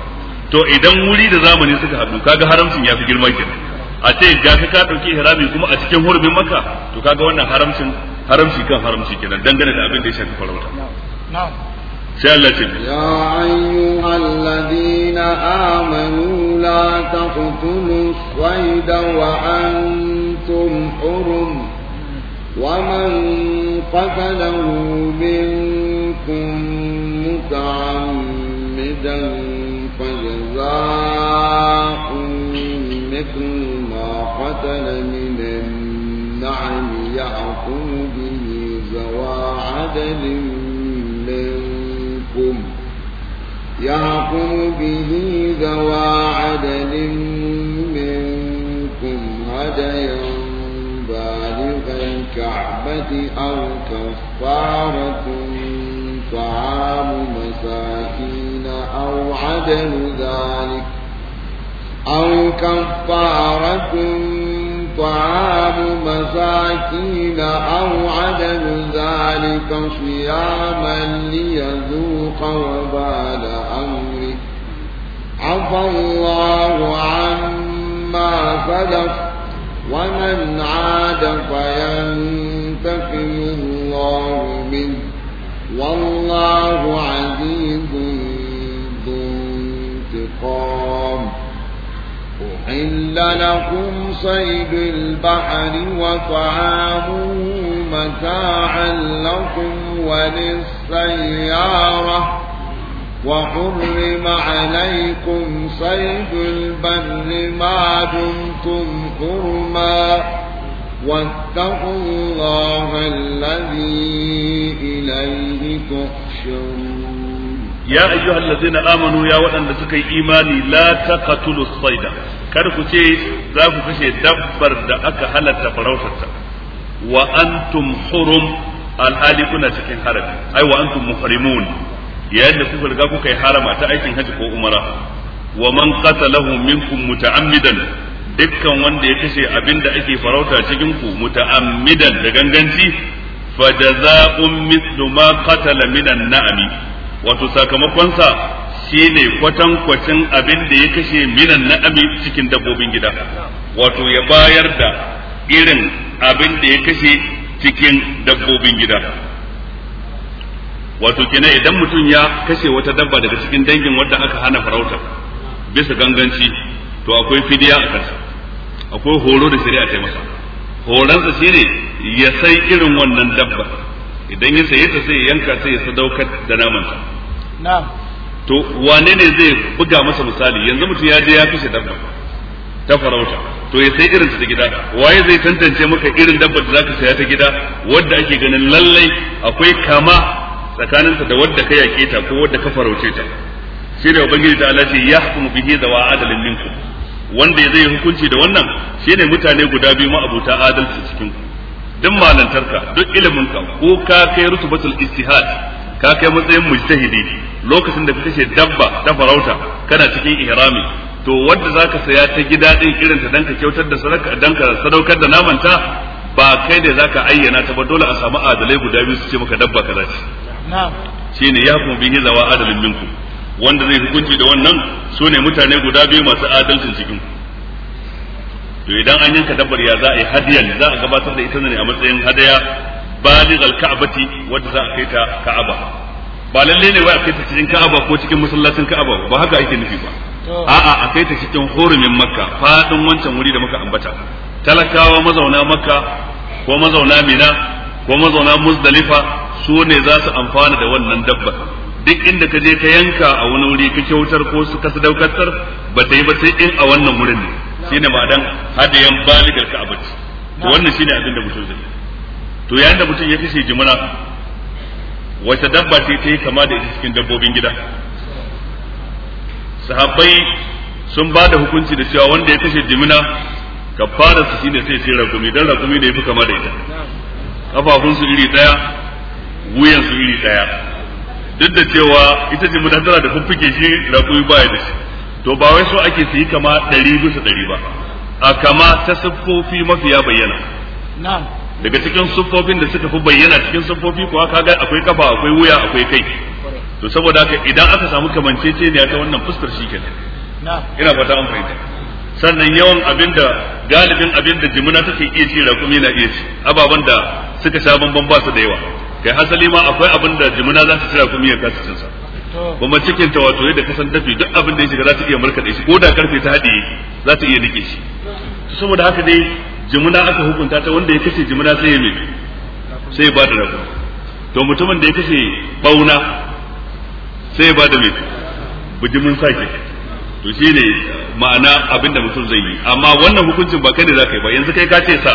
to idan wuri da zamani suka haɗu kaga haramcin ya fi girma kenan a ce ga ka dauki ihrami kuma a cikin hurumin maka to kaga wannan haramcin haramci kan haramci kenan dangane da abin da ya shafi farauta sai Allah ce ya amanu la wa antum hurum ومن قتله منكم متعمدا فجزاء مثل ما قتل من النعم ذوى عدل منكم يحكم به ذوى عدل منكم هديا بالغ الكعبة أو كفارة طعام مساكين أو عدل ذلك أو كفارة طعام مساكين أو عدد ذلك صياما ليذوق وبال أمره عفى الله عما سلف ومن عاد فينتقم الله منه والله عزيز ذو انتقام أحل لكم صيد البحر وطعامه متاعا لكم وللسيارة وحرم عليكم صيد البر ما دمتم حرما واتقوا الله الذي إليه تحشرون ya ayyuhal ladzina amanu ya waɗanda suka yi imani la taqtulu sayda kar ku ce za ku kashe dabbar da aka halatta farautarta wa antum hurum alhali kuna cikin harami ai wa antum muhrimun yayin da kuka riga kuka yi ta aikin haji ko umara wa man dukkan wanda ya kashe abinda ake farauta cikin ku muta'ammidan da ganganci fajaza'un mithlu ma qatala minan na'ami wato sakamakonsa shine kwatankwacin abin da ya kashe minan na'ami cikin dabbobin gida wato ya bayar da irin abin da ya kashe cikin dabbobin gida wato kenan idan mutum ya kashe wata dabba daga cikin dangin wadda aka hana farauta bisa ganganci to akwai fidiya a kansa akwai horo da shari'a ta masa horonsa shine ya sai irin wannan dabba idan ya saye ta sai ya yanka sai ya sadaukar da namansa to wane ne zai buga masa misali yanzu mutum ya je ya kashe dabba ta farauta to ya sai irin ta gida waye zai tantance maka irin dabba da zaka saya ta gida wadda ake ganin lallai akwai kama tsakaninta da wadda ka yake ta ko wadda ka farauce ta shi ne ubangiji ta Allah ya hukumu bihi da wa adalin minkum wanda ya zai hukunci da wannan shine mutane guda biyu ma'abuta adalci cikin ku duk malantarka duk ilimin ka ko ka kai rutubatul istihad ka kai matsayin mujtahidi lokacin da kake kashe dabba ta farauta kana cikin ihrami to wanda zaka saya ta gida din irin ta danka kyautar da sadaka dan sadaukar da namanta ba kai da zaka ayyana ta ba dole a samu adalai guda biyu su ce maka dabba kaza ce na'am shine yahkum bihi zawa adalin minku wanda zai hukunci da wannan su ne mutane guda biyu masu adalcin cikin to idan an yanka dabbar ya za a yi hadiyan za a gabatar da ita ne a matsayin hadaya baligal ka'bati wanda za a kai ta ka'aba ba lalle ne wai a kai ta cikin ka'aba ko cikin masallacin ka'aba ba haka ake nufi ba a'a a kai ta cikin hurumin makka fadin wancan wuri da muka ambata talakawa mazauna makka ko mazauna mina ko mazauna muzdalifa su ne za su amfana da wannan dabba duk inda ka je ka yanka a wani wuri ka kyautar ko su ka sadaukatar ba ta yi ba sai in a wannan wurin ne shine ma'adan hadayan baligar ka'abati to wannan shine abin da mutum zai to yayin da mutum ya kashe jimina wata dabba ce ta yi kama da ita cikin dabbobin gida sahabbai sun ba da hukunci da cewa wanda ya kashe jimina kafara su shine sai sai rakumi dan rakumi ya yafi kama da ita kafafun su iri daya wuyan su iri daya duk da cewa ita ce tana da fuffuke shi rakumi baya da shi to ba wai so ake su yi kama ɗari bisa ɗari ba a kama ta siffofi mafiya bayyana na'am daga cikin siffofin da suka fi bayyana cikin siffofi kuwa ka ga akwai kafa akwai wuya akwai kai to saboda haka idan aka samu kamancece ne ta wannan fuskar shi kenan ina fata an fahimta sannan yawan abinda galibin abinda jimina take iya ci rakumi na iya ci ababen da suka sha bamban ba su da yawa kai hasali ma akwai abin da jimina za ta ci rakumi ya kasa sa. kuma cikin ta wato yadda kasan dafi duk abin da ya shiga za ta iya markaɗe shi ko da karfe ta haɗe za ta iya nike shi saboda haka dai jimina aka hukunta ta wanda ya kashe jimina sai ya mai sai ba da rago to mutumin da ya kashe bauna sai ba da mai bujimin sake to shi ne ma'ana abinda mutum zai yi amma wannan hukuncin ba kai ne za ka yi ba yanzu kai ka ce sa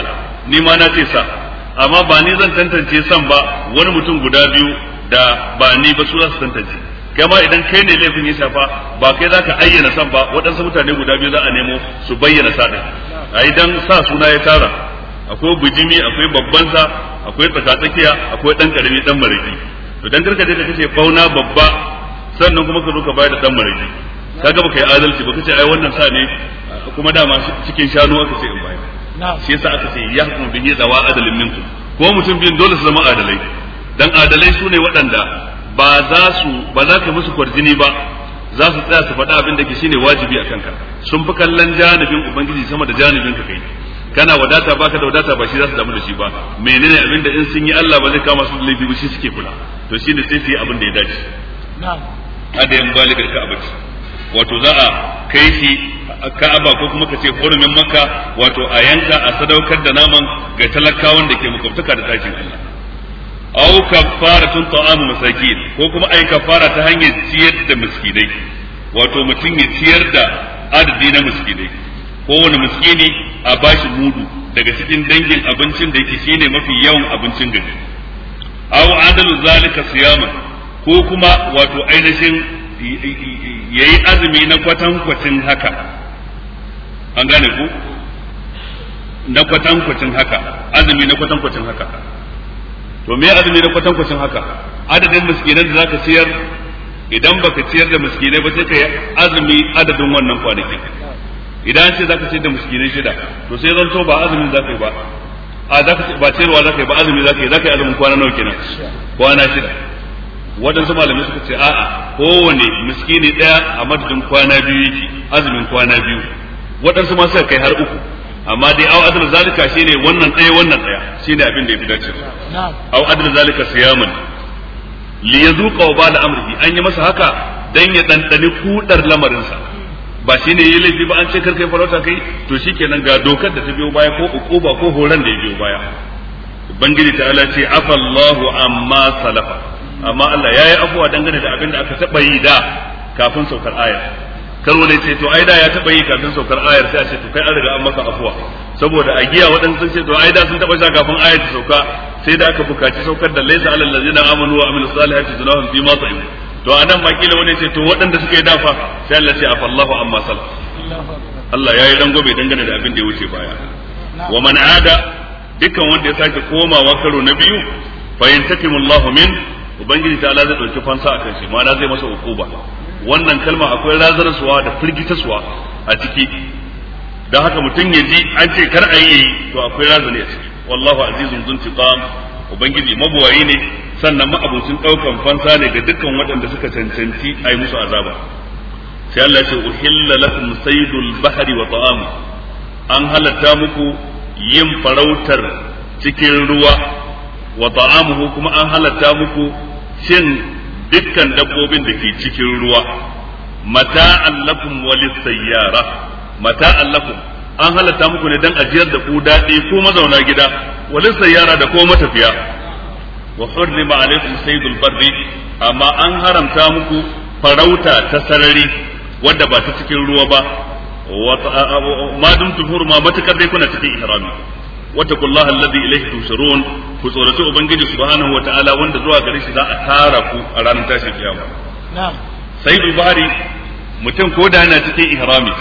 ni ma na ce sa amma ba ni zan tantance san ba wani mutum guda biyu da ba ni ba su za su tantance kai ma idan kai ne laifin ya shafa ba kai za ka ayyana san ba waɗansu mutane guda biyu za a nemo su bayyana sa ɗin a idan sa suna ya tara akwai bujimi akwai babban sa akwai tsakatsakiya akwai ɗan ƙarami ɗan maraki to dan karka je ka fauna babba sannan kuma ka zo ka bayar da ɗan maraki kaga baka yi adalci ba ce ai wannan sa ne kuma dama cikin shanu aka ce in bayar shi yasa aka ce yahkum bihi dawa adalin minkum ko mutum biyun dole su zama adalai dan adalai su ne waɗanda ba za su ba za ka musu kwarjini ba za su tsaya su faɗa abin da ke shine wajibi a kanka sun fi kallon janibin ubangiji sama da janibin ka kai kana wadata baka da wadata ba shi za su damu da shi ba menene abin da in sun yi Allah ba zai kama su da laifi ba shi suke kula to shine sai su yi abin da ya dace na'am yan balikar ka abaci wato za a kai shi ka'aba ko kuma ka ce hurumin makka wato a yanka a sadaukar da naman ga talakawan da ke makwabtaka da takin Allah aw kaffaratun ta'amu masakin ko kuma ai kafara ta hanyar ciyar da miskinai wato mutum ya ciyar da adadi na miskinai wani miskini a bashi mudu daga cikin dangin abincin da yake shine mafi yawan abincin gari aw adalu zalika siyama ko kuma wato ainihin yayi azumi na kwatankwacin haka an gane ku na kwatankwacin haka azumi na kwatankwacin haka to me azumi da kwatan kwacin haka adadin miskinan da zaka ciyar idan baka ciyar da miskinai ba sai ka azumi adadin wannan kwanaki idan sai zaka ciyar da miskinai shida to sai zanto ba azumin zaka yi ba a zaka ba ciyarwa zaka yi ba azumi zaka yi zaka yi azumin kwana nawa kenan kwana shida waɗansu malamai suka ce a'a kowane miskini ɗaya a madadin kwana biyu yake azumin kwana biyu waɗansu ma suka kai har uku amma dai au adal zalika shine wannan ɗaya wannan ɗaya shine abin da yafi dace au adal zalika siyaman li yazuqa wa bala amrihi an yi masa haka dan ya dandani kudar lamarinsa ba shine yayi laifi ba an ce kar kai farauta kai to shikenan ga dokar da ta biyo baya ko ukuba ko horon da ya biyo baya ubangiji ta ala ce allah amma salafa amma Allah yayi afuwa dangane da abin da aka taba yi da kafin saukar aya kar wani ce to ai da ya taba yi kafin saukar ayar sai a ce to kai an riga an masa afuwa saboda a giya waɗansu sun ce to ai da sun taba sha kafin ayar ta sauka sai da aka bukaci saukar da laisa alal ladina amanu wa amilus salihati zulahum fi ma ta'im to anan ba kila wani ce to waɗanda suka yi dafa sai Allah ce afallahu amma sal Allah ya yi gobe dangane da abin da ya wuce baya wa man ada dukkan wanda ya sake komawa karo na biyu fa yantakimu Allahu min ubangiji ta Allah zai dauki fansa akan shi ma'ana zai masa hukuma wannan kalma akwai razanarsuwa da firgitarsuwa a ciki da haka mutum ya ji an ce kar a yi to akwai razani a ciki wallahu azizun zuntiqam ubangiji mabuwayi ne sannan ma'abucin daukan fansa ne ga dukkan waɗanda suka cancanci a yi musu azaba sai Allah ce uhilla lakum saydul bahri wa an halatta muku yin farautar cikin ruwa wa ta'amuhu kuma an halatta muku cin dukkan dabbobin da ke cikin ruwa mata'an lakum walis sayyara mata'an lakum an halatta muku ne dan ajiyar da ku daɗi ko mazauna gida walis sayyara da ko matafiya wa hurrima alaikum sayyidul barri amma an haramta muku farauta ta sarari wadda ba ta cikin ruwa ba ma tuhur ma matakar dai kuna cikin ihrami واتقوا الله الذي اليه تحشرون كسورتي ubangiji subhanahu wataala wanda zuwa gare shi za a tara ku a ranar tashin kiyama na'am sai bari mutum ko da yana cikin ihrami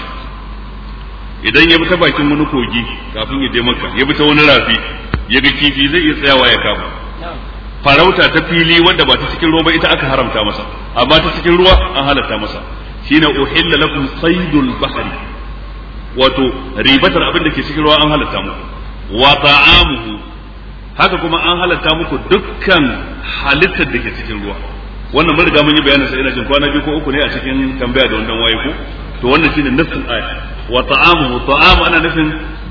idan ya bi ta bakin wani kogi kafin ya je maka ya bi ta wani rafi ya ga kifi zai iya tsayawa ya kama farauta ta fili wanda ba ta cikin ruwa ba ita aka haramta masa amma ta cikin ruwa an halatta masa shine uhilla lakum saydul bahri wato ribatar abin da ke cikin ruwa an halatta muku wa haka kuma an halatta muku dukkan halittar da ke cikin ruwa wannan mun riga mun yi bayanin sa ina jin kwana biyu ko uku ne a cikin tambaya da wannan waye ko to wannan shine nassin aya wa ta'amuhu ta'amu ana nufin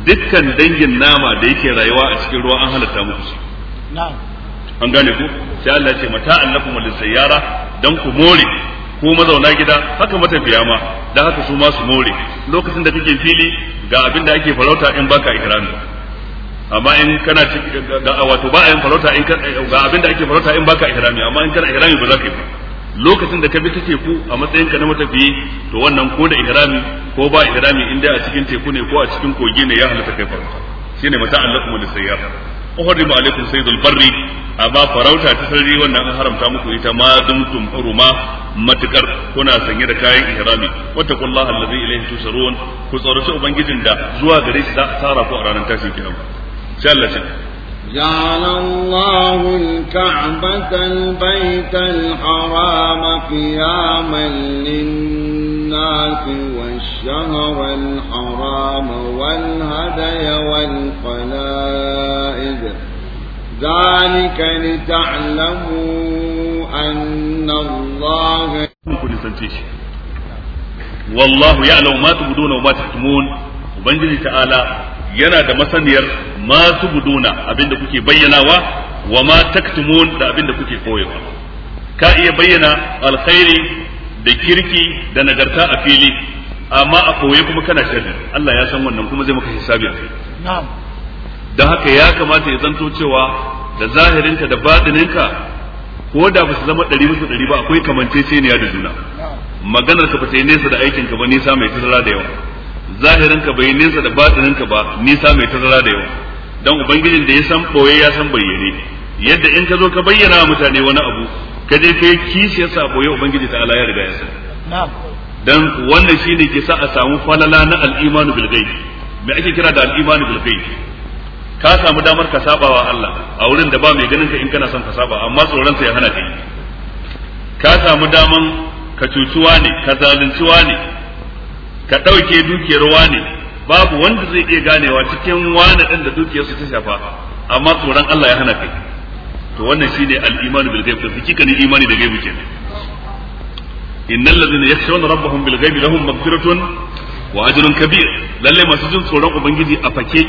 dukkan dangin nama da yake rayuwa a cikin ruwa an halatta muku shi na'am an gane ku sai Allah ya ce annakum lil sayyara dan ku more ko mazauna gida haka matafiya ma da haka su ma su more lokacin da kake fili ga abin da ake farauta in baka ikrami amma in kana cikin wato ba a yin farauta in ga abin da ake farauta in baka ihrami amma in kana ihrami ba za ka yi ba lokacin da ka bi ta teku a matsayin ka na matafiyi to wannan ko da ihrami ko ba ihrami in dai a cikin teku ne ko a cikin kogi ne ya halatta kai farauta shine mata'an lakum sayyar. uhrimu alaikum sayyidul barri amma farauta ta sarri wannan an haramta muku ita ma dumtum huruma matukar kuna sanye da kayan ihrami wattaqullaha allazi ilayhi tusarun ku tsorace ubangijin da zuwa gare shi za a tsara ku a ranar tashin kiyama جعل الله الكعبة البيت الحرام قياما للناس والشهر الحرام والهدي والقلائد ذلك لتعلموا أن الله والله يعلم ما تبدون وما تكتمون وبنجل تعالى yana da masaniyar ma guduna abinda kuke bayyanawa wa ma taktumun da abinda kuke koyewa ka iya bayyana alkhairi da kirki da nagarta a fili amma a koye kuma kana sharri Allah ya san wannan kuma zai maka hisabi a kai na'am haka ya kamata ya zanto cewa da zahirinka da batininka ko da ba su zama ɗari musu ɗari ba akwai kamanceceniya da juna maganar ka ba ta yi nesa da aikinka ba nisa mai tsirra da yawa zahirin ka bai nesa da batinin ka ba nisa mai tazara da yawa dan ubangijin da ya san boye ya san bayyane yadda in ka zo ka bayyana wa mutane wani abu ka je kai kishi yasa boye ubangiji ta Allah ya riga ya san dan wannan shine ke sa a samu falala na al-imanu bil ghaib me ake kira da al-imanu bil ghaib ka samu damar ka wa Allah a wurin da ba mai ganin ka in kana son ka saba amma tsoron sa ya hana ka ka samu daman ka cucuwa ne ka zalunciwa ne ka ɗauke dukiyar wane babu wanda zai iya ganewa cikin wane ɗin da su ta shafa amma tsoron Allah ya hana kai to wannan shine al-iman bil ghaib hakikanin imani da gaibi kenan innal ladzina yakhshawna rabbahum bil ghaib lahum maghfiratun wa ajrun kabir lalle masu jin tsoron ubangiji a fake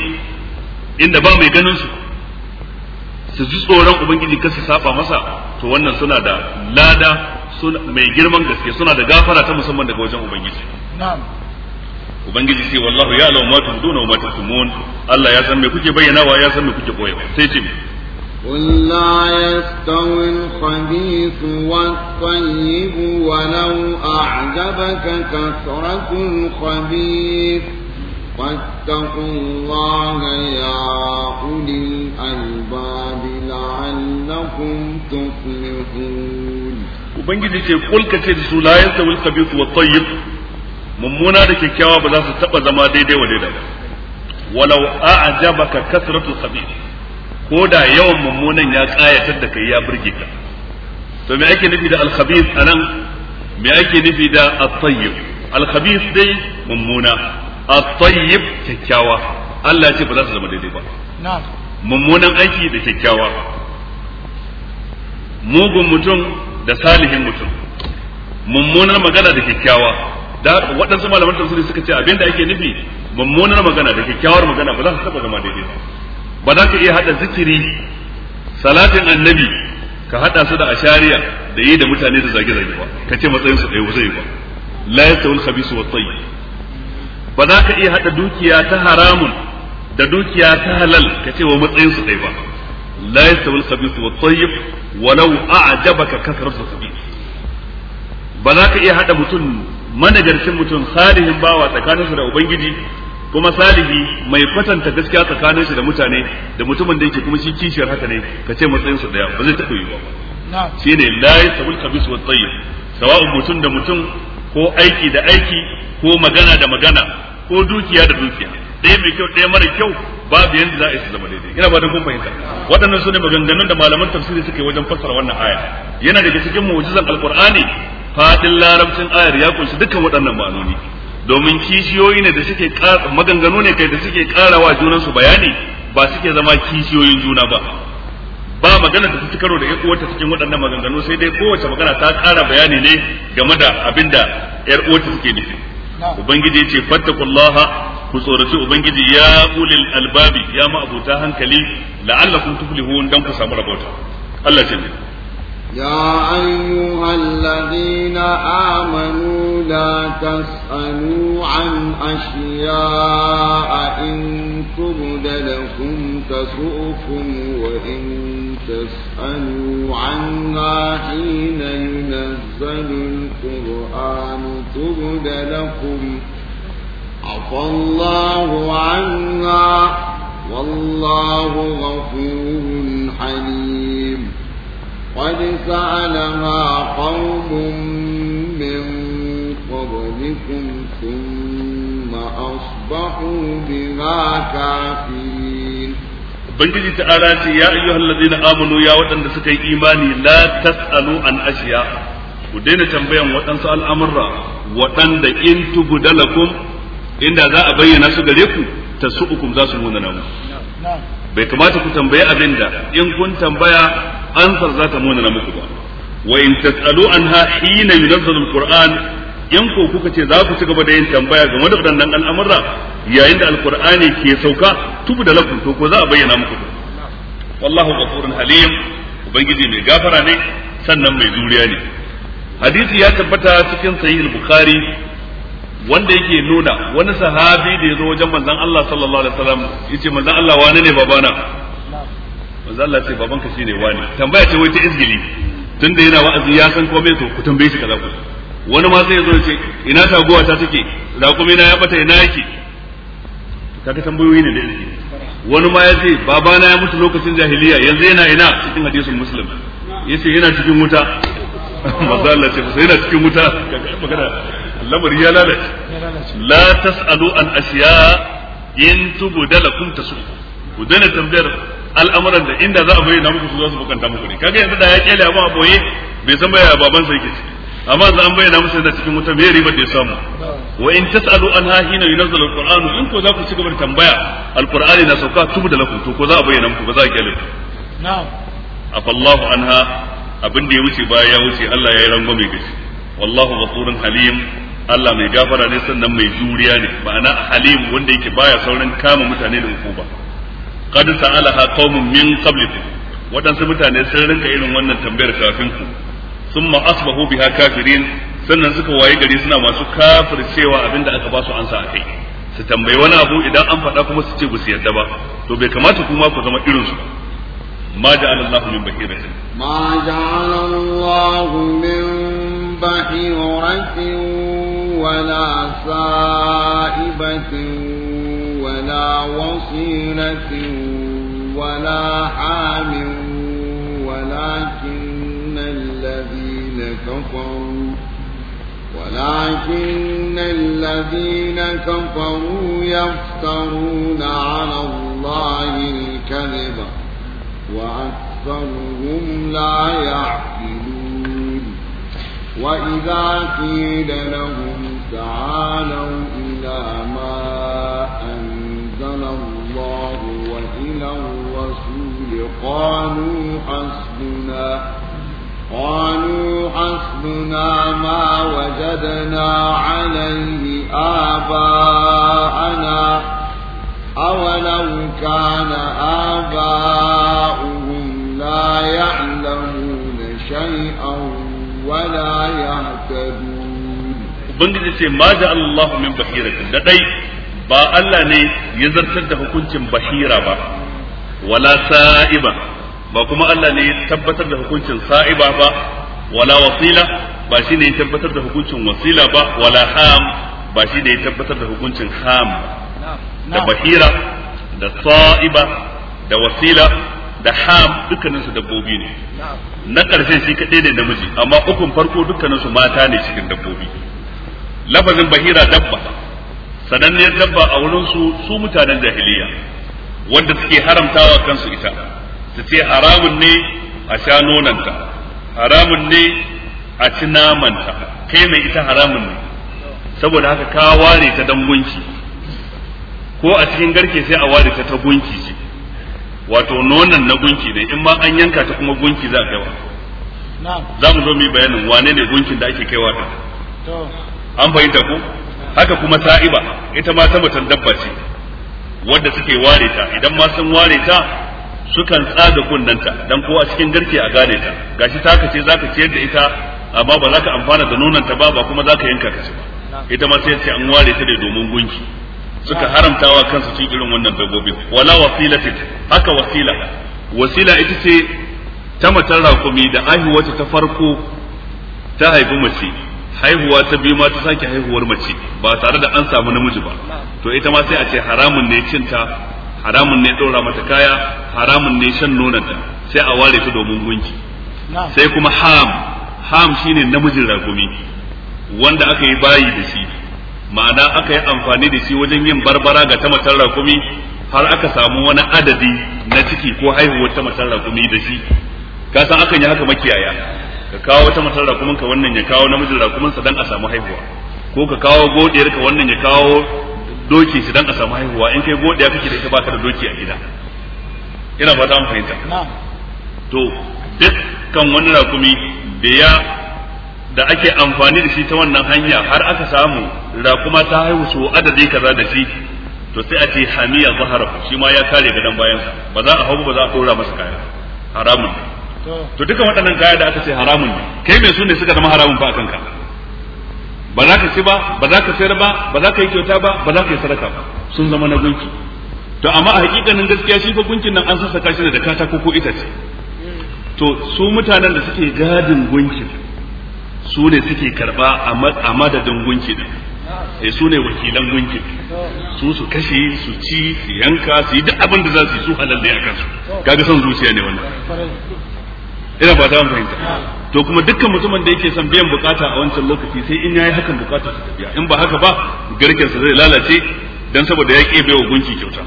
inda ba mai ganin su su ji tsoron ubangiji kar su saba masa to wannan suna da lada mai girman gaske suna da gafara ta musamman daga wajen ubangiji na'am ubangiji sai wallahu ya alamu ma tubduna wa ma tuktumun Allah ya san me kuke bayyanawa ya san me kuke koyewa sai ce قل لا يستوي الخبيث والطيب ولو أعجبك كثرة الخبيث واتقوا الله يا أولي الألباب لعلكم تفلحون وبنجد يقول كثير لا يستوي الخبيث والطيب mummuna da kyakkyawa ba za su taba zama daidai wa daidai ba walau a'jabaka kasratu khabir ko da yawan mummunan ya kayatar da kai ya burge ka to me ake nufi da al khabith anan me ake nufi da at-tayyib al khabith dai mummuna at-tayyib kyakkyawa Allah ya ce ba za su zama daidai ba mummunan aiki da kyakkyawa mugun mutum da salihin mutum mummunar magana da kyakkyawa da waɗansu malaman tafsiri suka ce abinda ake nufi mummunar magana da kyakkyawar magana ba za su taba zama daidai ba za ka iya hada zikiri salatin annabi ka hada su da ashariya da yi da mutane da zage zage ba ka ce matsayin su ɗaya zai ba la yastawil khabisu wat tayyib ba za ka iya hada dukiya ta haramun da dukiya ta halal ka ce wa matsayin su ɗaya ba la yastawil khabisu wat tayyib walau a'jabaka kathratu khabith ba za ka iya hada mutum managarcin mutum salihin bawa tsakaninsa da ubangiji kuma salihi mai kwatanta gaskiya tsakanin shi da mutane da mutumin da yake kuma shi kishiyar haka ne ka ce matsayin su daya ba zai taɓa yi ba ne la yasabul khabis wa tayyib sawa'un mutum da mutum ko aiki da aiki ko magana da magana ko dukiya da dukiya ɗaya mai kyau ɗaya mara kyau babu yanda za a yi su zama daidai ina ba da kun fahimta waɗannan su ne maganganun da malaman tafsiri suke wajen fassara wannan aya yana daga cikin mu'jizan alqur'ani fadin larabcin ayar ya kunshi dukkan waɗannan ma'anoni domin kishiyoyi ne da suke maganganu ne kai da suke ƙara wa junansu bayani ba suke zama kishiyoyin juna ba ba magana da ta karo da ƴan uwarta cikin waɗannan maganganu sai dai kowace magana ta ƙara bayani ne game da abin da ƴar uwarta suke nufi ubangiji ya ce fattakullaha ku tsoraci ubangiji ya ulil albabi ya ma'abuta hankali la'allakum tuflihun dan ku samu rabota Allah ce يا أيها الذين آمنوا لا تسألوا عن أشياء إن تبد لكم تسؤكم وإن تسألوا عنها حين ينزل القرآن تبد لكم عفى الله عنها والله غفور حليم قد سألها قوم من قبلكم ثم أصبحوا بها كافرين Ubangiji ta'ala ce ya ayyuhal ladzina amanu ya waɗanda suka yi imani la tas'alu an ashiya ku daina tambayan waɗansu al'amurra waɗanda in tubudalakum inda za a bayyana su gare ku tasu'ukum za su nuna namu bai kamata ku tambaye abinda in kun tambaya ansar za ta muna muku ba wa in tasalu anha hina yunazzalu alquran in ko kuka ce za ku ci gaba da yin tambaya game da waɗannan al'amura yayin da alqur'ani ke sauka tubu da lakum to ko za a bayyana muku wallahu ghafurun halim ubangiji mai gafara ne sannan mai juriya ne hadisi ya tabbata cikin sahih bukhari wanda yake nuna wani sahabi da ya zo wajen manzon Allah sallallahu alaihi wasallam yace manzon Allah wani ne babana manzo Allah ce babanka shine wani tambaya ce wai ta izgili tunda yana wa'azi ya san komai to ku tambaye shi kaza ku wani ma sai ya zo ce ina taguwa ta take da kuma ina ya bata ina yake kaga tambayoyi ne da wani ma ya ce babana ya mutu lokacin jahiliya yanzu yana ina cikin hadisin muslim yace yana cikin wuta manzo Allah ce sai yana cikin wuta kaga magana lamari ya lalace la tasalu an ashiya in tubu dalakum tasu ku dana tambayar al'amuran da inda za a bayyana muku su za su bukanta muku ne kaga yanzu da ya kyale abu a boye bai san baya baban sa yake ci amma za an bayyana musu da cikin wuta me riba da ya samu wa in tasalu anha hina yunzalu alquran in ko za ku ci gaba da tambaya alquran na sauka tubu da lakum to ko za a bayyana muku ba za a kyale na'am afallahu anha abin da ya wuce baya ya wuce Allah ya yi rangwame gashi wallahu ghafurun halim Allah mai gafara ne sannan mai juriya ne ma'ana halim wanda yake baya sauran kama mutane da hukuma qad sa'alaha qaumun min qablikum waɗansu mutane sun rinka irin wannan tambayar kafin ku summa asbahu biha kafirin sannan suka waye gari suna masu kafircewa abinda aka ba su ansa akai su tambayi wani abu idan an faɗa kuma su ce ba su yarda ba to bai kamata kuma ku zama irin su ma ja'ala Allahu min bahiratin ma ja'ala Allahu min bahiratin wala sa'ibatin وصيلة ولا حام ولكن الذين كفروا ولكن الذين كفروا يفترون على الله الكذب وأكثرهم لا يعقلون وإذا قيل لهم تعالوا إلى ما الله وإلى الرسول قالوا حسبنا قالوا حسبنا ما وجدنا عليه آباءنا أولو كان آباؤهم لا يعلمون شيئا ولا يهتدون بنجد ما جعل الله من بحيرة لدي ba Allah ne ya zartar da hukuncin bahira ba wala sa'iba ba kuma Allah ne ya tabbatar da hukuncin sa'iba ba wala wasila ba shi ne ya tabbatar da hukuncin wasila ba wala ham ba shi ne ya tabbatar da hukuncin ham da bashira da sa'iba da wasila da ham dukkaninsu dabbobi ne na ƙarshen shi kaɗai ne namiji amma ukun farko dukkaninsu mata ne cikin dabbobi lafazin bahira dabba sananniyar dabba a wurin su su mutanen jahiliya wanda suke haramtawa kansu ita su ce haramun ne a sha nonanta haramun ne a ci namanta kai mai ita haramun ne saboda haka ka ware ta dan gunki ko a cikin garke sai a ware ta ta gunki ce wato nonan na gunki ne in ma an yanka ta kuma gunki za a wa? za mu zo mu yi bayanin wane ne gunkin da ake kaiwa ta an fahimta ko haka kuma sa'iba ita ma ta mutan dabba ce wadda suke ware ta idan ma sun ware ta sukan tsaga kunnanta dan ko a cikin garke a gane ta gashi ta kace zaka ciyar da ita amma ba za ka amfana da nonon ta ba ba kuma zaka yanka ka ci ita ma sai ce an ware ta ne domin gunki suka haramtawa kansu cin irin wannan dabbobi wala wasilati haka wasila wasila ita ce ta matar rakumi da aihuwata ta farko ta haifi mace haihuwa ta biyu ma ta sake haihuwar mace ba tare da an samu namiji ba to ita ma sai a ce haramun ne cinta haramun ne ɗora mata kaya haramun ne shan nonon ta sai a ware ta domin gunki sai kuma ham ham shine namijin ragumi wanda aka yi bayi da shi ma'ana aka yi amfani da shi wajen yin barbara ga ta matar rakumi har aka samu wani adadi na ciki ko haihuwar tamatar rakumi da shi kasan san akan yi haka makiyaya ka kawo wata matar rakumin ka wannan ya kawo namijin rakumin sa dan a samu haihuwa ko ka kawo godiyar ka wannan ya kawo doki shi dan a samu haihuwa in kai godiya kake da ita baka da doki a gida ina fata an fahimta to dukkan wani rakumi da ya da ake amfani da shi ta wannan hanya har aka samu rakuma ta haihu su adadi kaza da shi to sai a ce hamiya zahara shi ma ya kare gadan bayansa ba za a hau ba za a dora masa kaya haramun to duka waɗannan kaya da aka ce haramun ne kai mai su ne suka zama haramun ba a kanka ba za ka ci ba ba za ka sayar ba ba za ka yi kyauta ba ba za ka yi sadaka ba sun zama na gunki to amma a hakikanin gaskiya shi fa gunkin nan an sassaka shi da katako ko ita ce. to su mutanen da suke gadin gunkin su ne suke karba a madadin gunki din sai eh, su ne wakilan gunkin su su kashe su ci su yanka su yi duk abin da za su yi su halal ne a kansu kaga son zuciya ne wannan ina ba ta fahimta to kuma dukkan mutumin da yake son biyan bukata a wancan lokaci sai in yayi hakan bukata ta tafiya in ba haka ba garken sa zai lalace dan saboda ya kebe wa gunki kyauta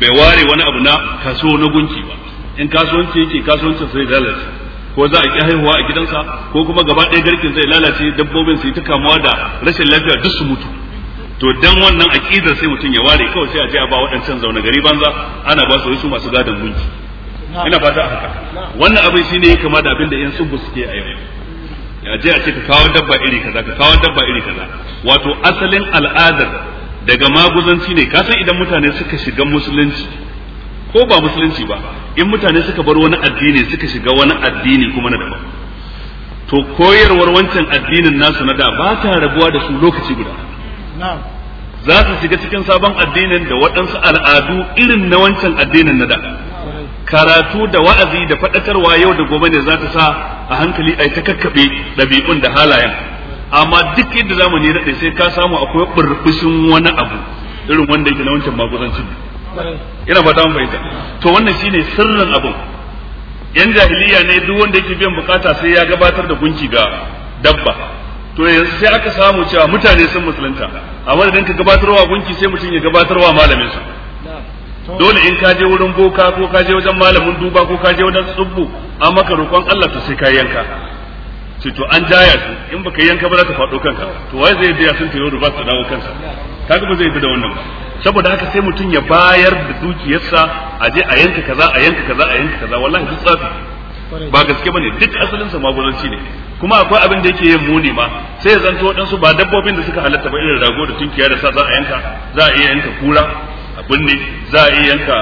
bai ware wani abu na kaso na gunki ba in kasuwanci yake kasuwancin sai lalace ko za a ki haihuwa a gidansa ko kuma gaba ɗaya garkin zai lalace dabbobin su yi ta kamuwa da rashin lafiya duk su mutu to dan wannan aqidar sai mutum ya ware kawai sai a je a ba waɗancan zaune gari banza ana ba su wasu masu gadon gunki ina fata a haka wannan abin shine ya kama da abin da yan sugu suke a yau ya je a ce ka kawo dabba iri kaza ka kawo dabba iri kaza wato asalin al'adar daga maguzanci ne kasan idan mutane suka shiga musulunci ko ba musulunci ba in mutane suka bar wani addini suka shiga wani addini kuma na daban to koyarwar wancan addinin nasu na da ba ta rabuwa da su lokaci guda za su shiga cikin sabon addinin da waɗansu al'adu irin na wancan addinin na da karatu da wa'azi da faɗakarwa yau da gobe ne za ta sa a hankali ai ta kakkaɓe ɗabi'un da halayen amma duk yadda zamani daɗe sai ka samu akwai burbushin wani abu irin wanda yake na wancan maguzancin ina ba ta fahimta to wannan shine sirrin abin yan jahiliya ne duk wanda yake biyan bukata sai ya gabatar da gunki ga dabba to yanzu sai aka samu cewa mutane sun musulunta a madadin ka gabatarwa gunki sai mutum ya gabatarwa malamin sa dole in ka je wurin boka ko ka je wajen malamin duba ko ka je wajen tsubbu an maka roƙon Allah to sai ka yanka ce to an jaya su in baka yanka ba za ta faɗo kanka to wai zai biya sun tayo ruba su dawo kansa kaga ba zai yi da wannan ba saboda haka sai mutum ya bayar da dukiyarsa a je a yanka kaza a yanka kaza a yanka kaza wallahi duk tsafi ba gaske bane duk asalin sa magudanci ne kuma akwai abin da yake yin muni ma sai ya zanto waɗansu ba dabbobin da suka halatta ba irin rago da tunkiya da sa za a yanka za a iya yanka kura binne za a iya yanka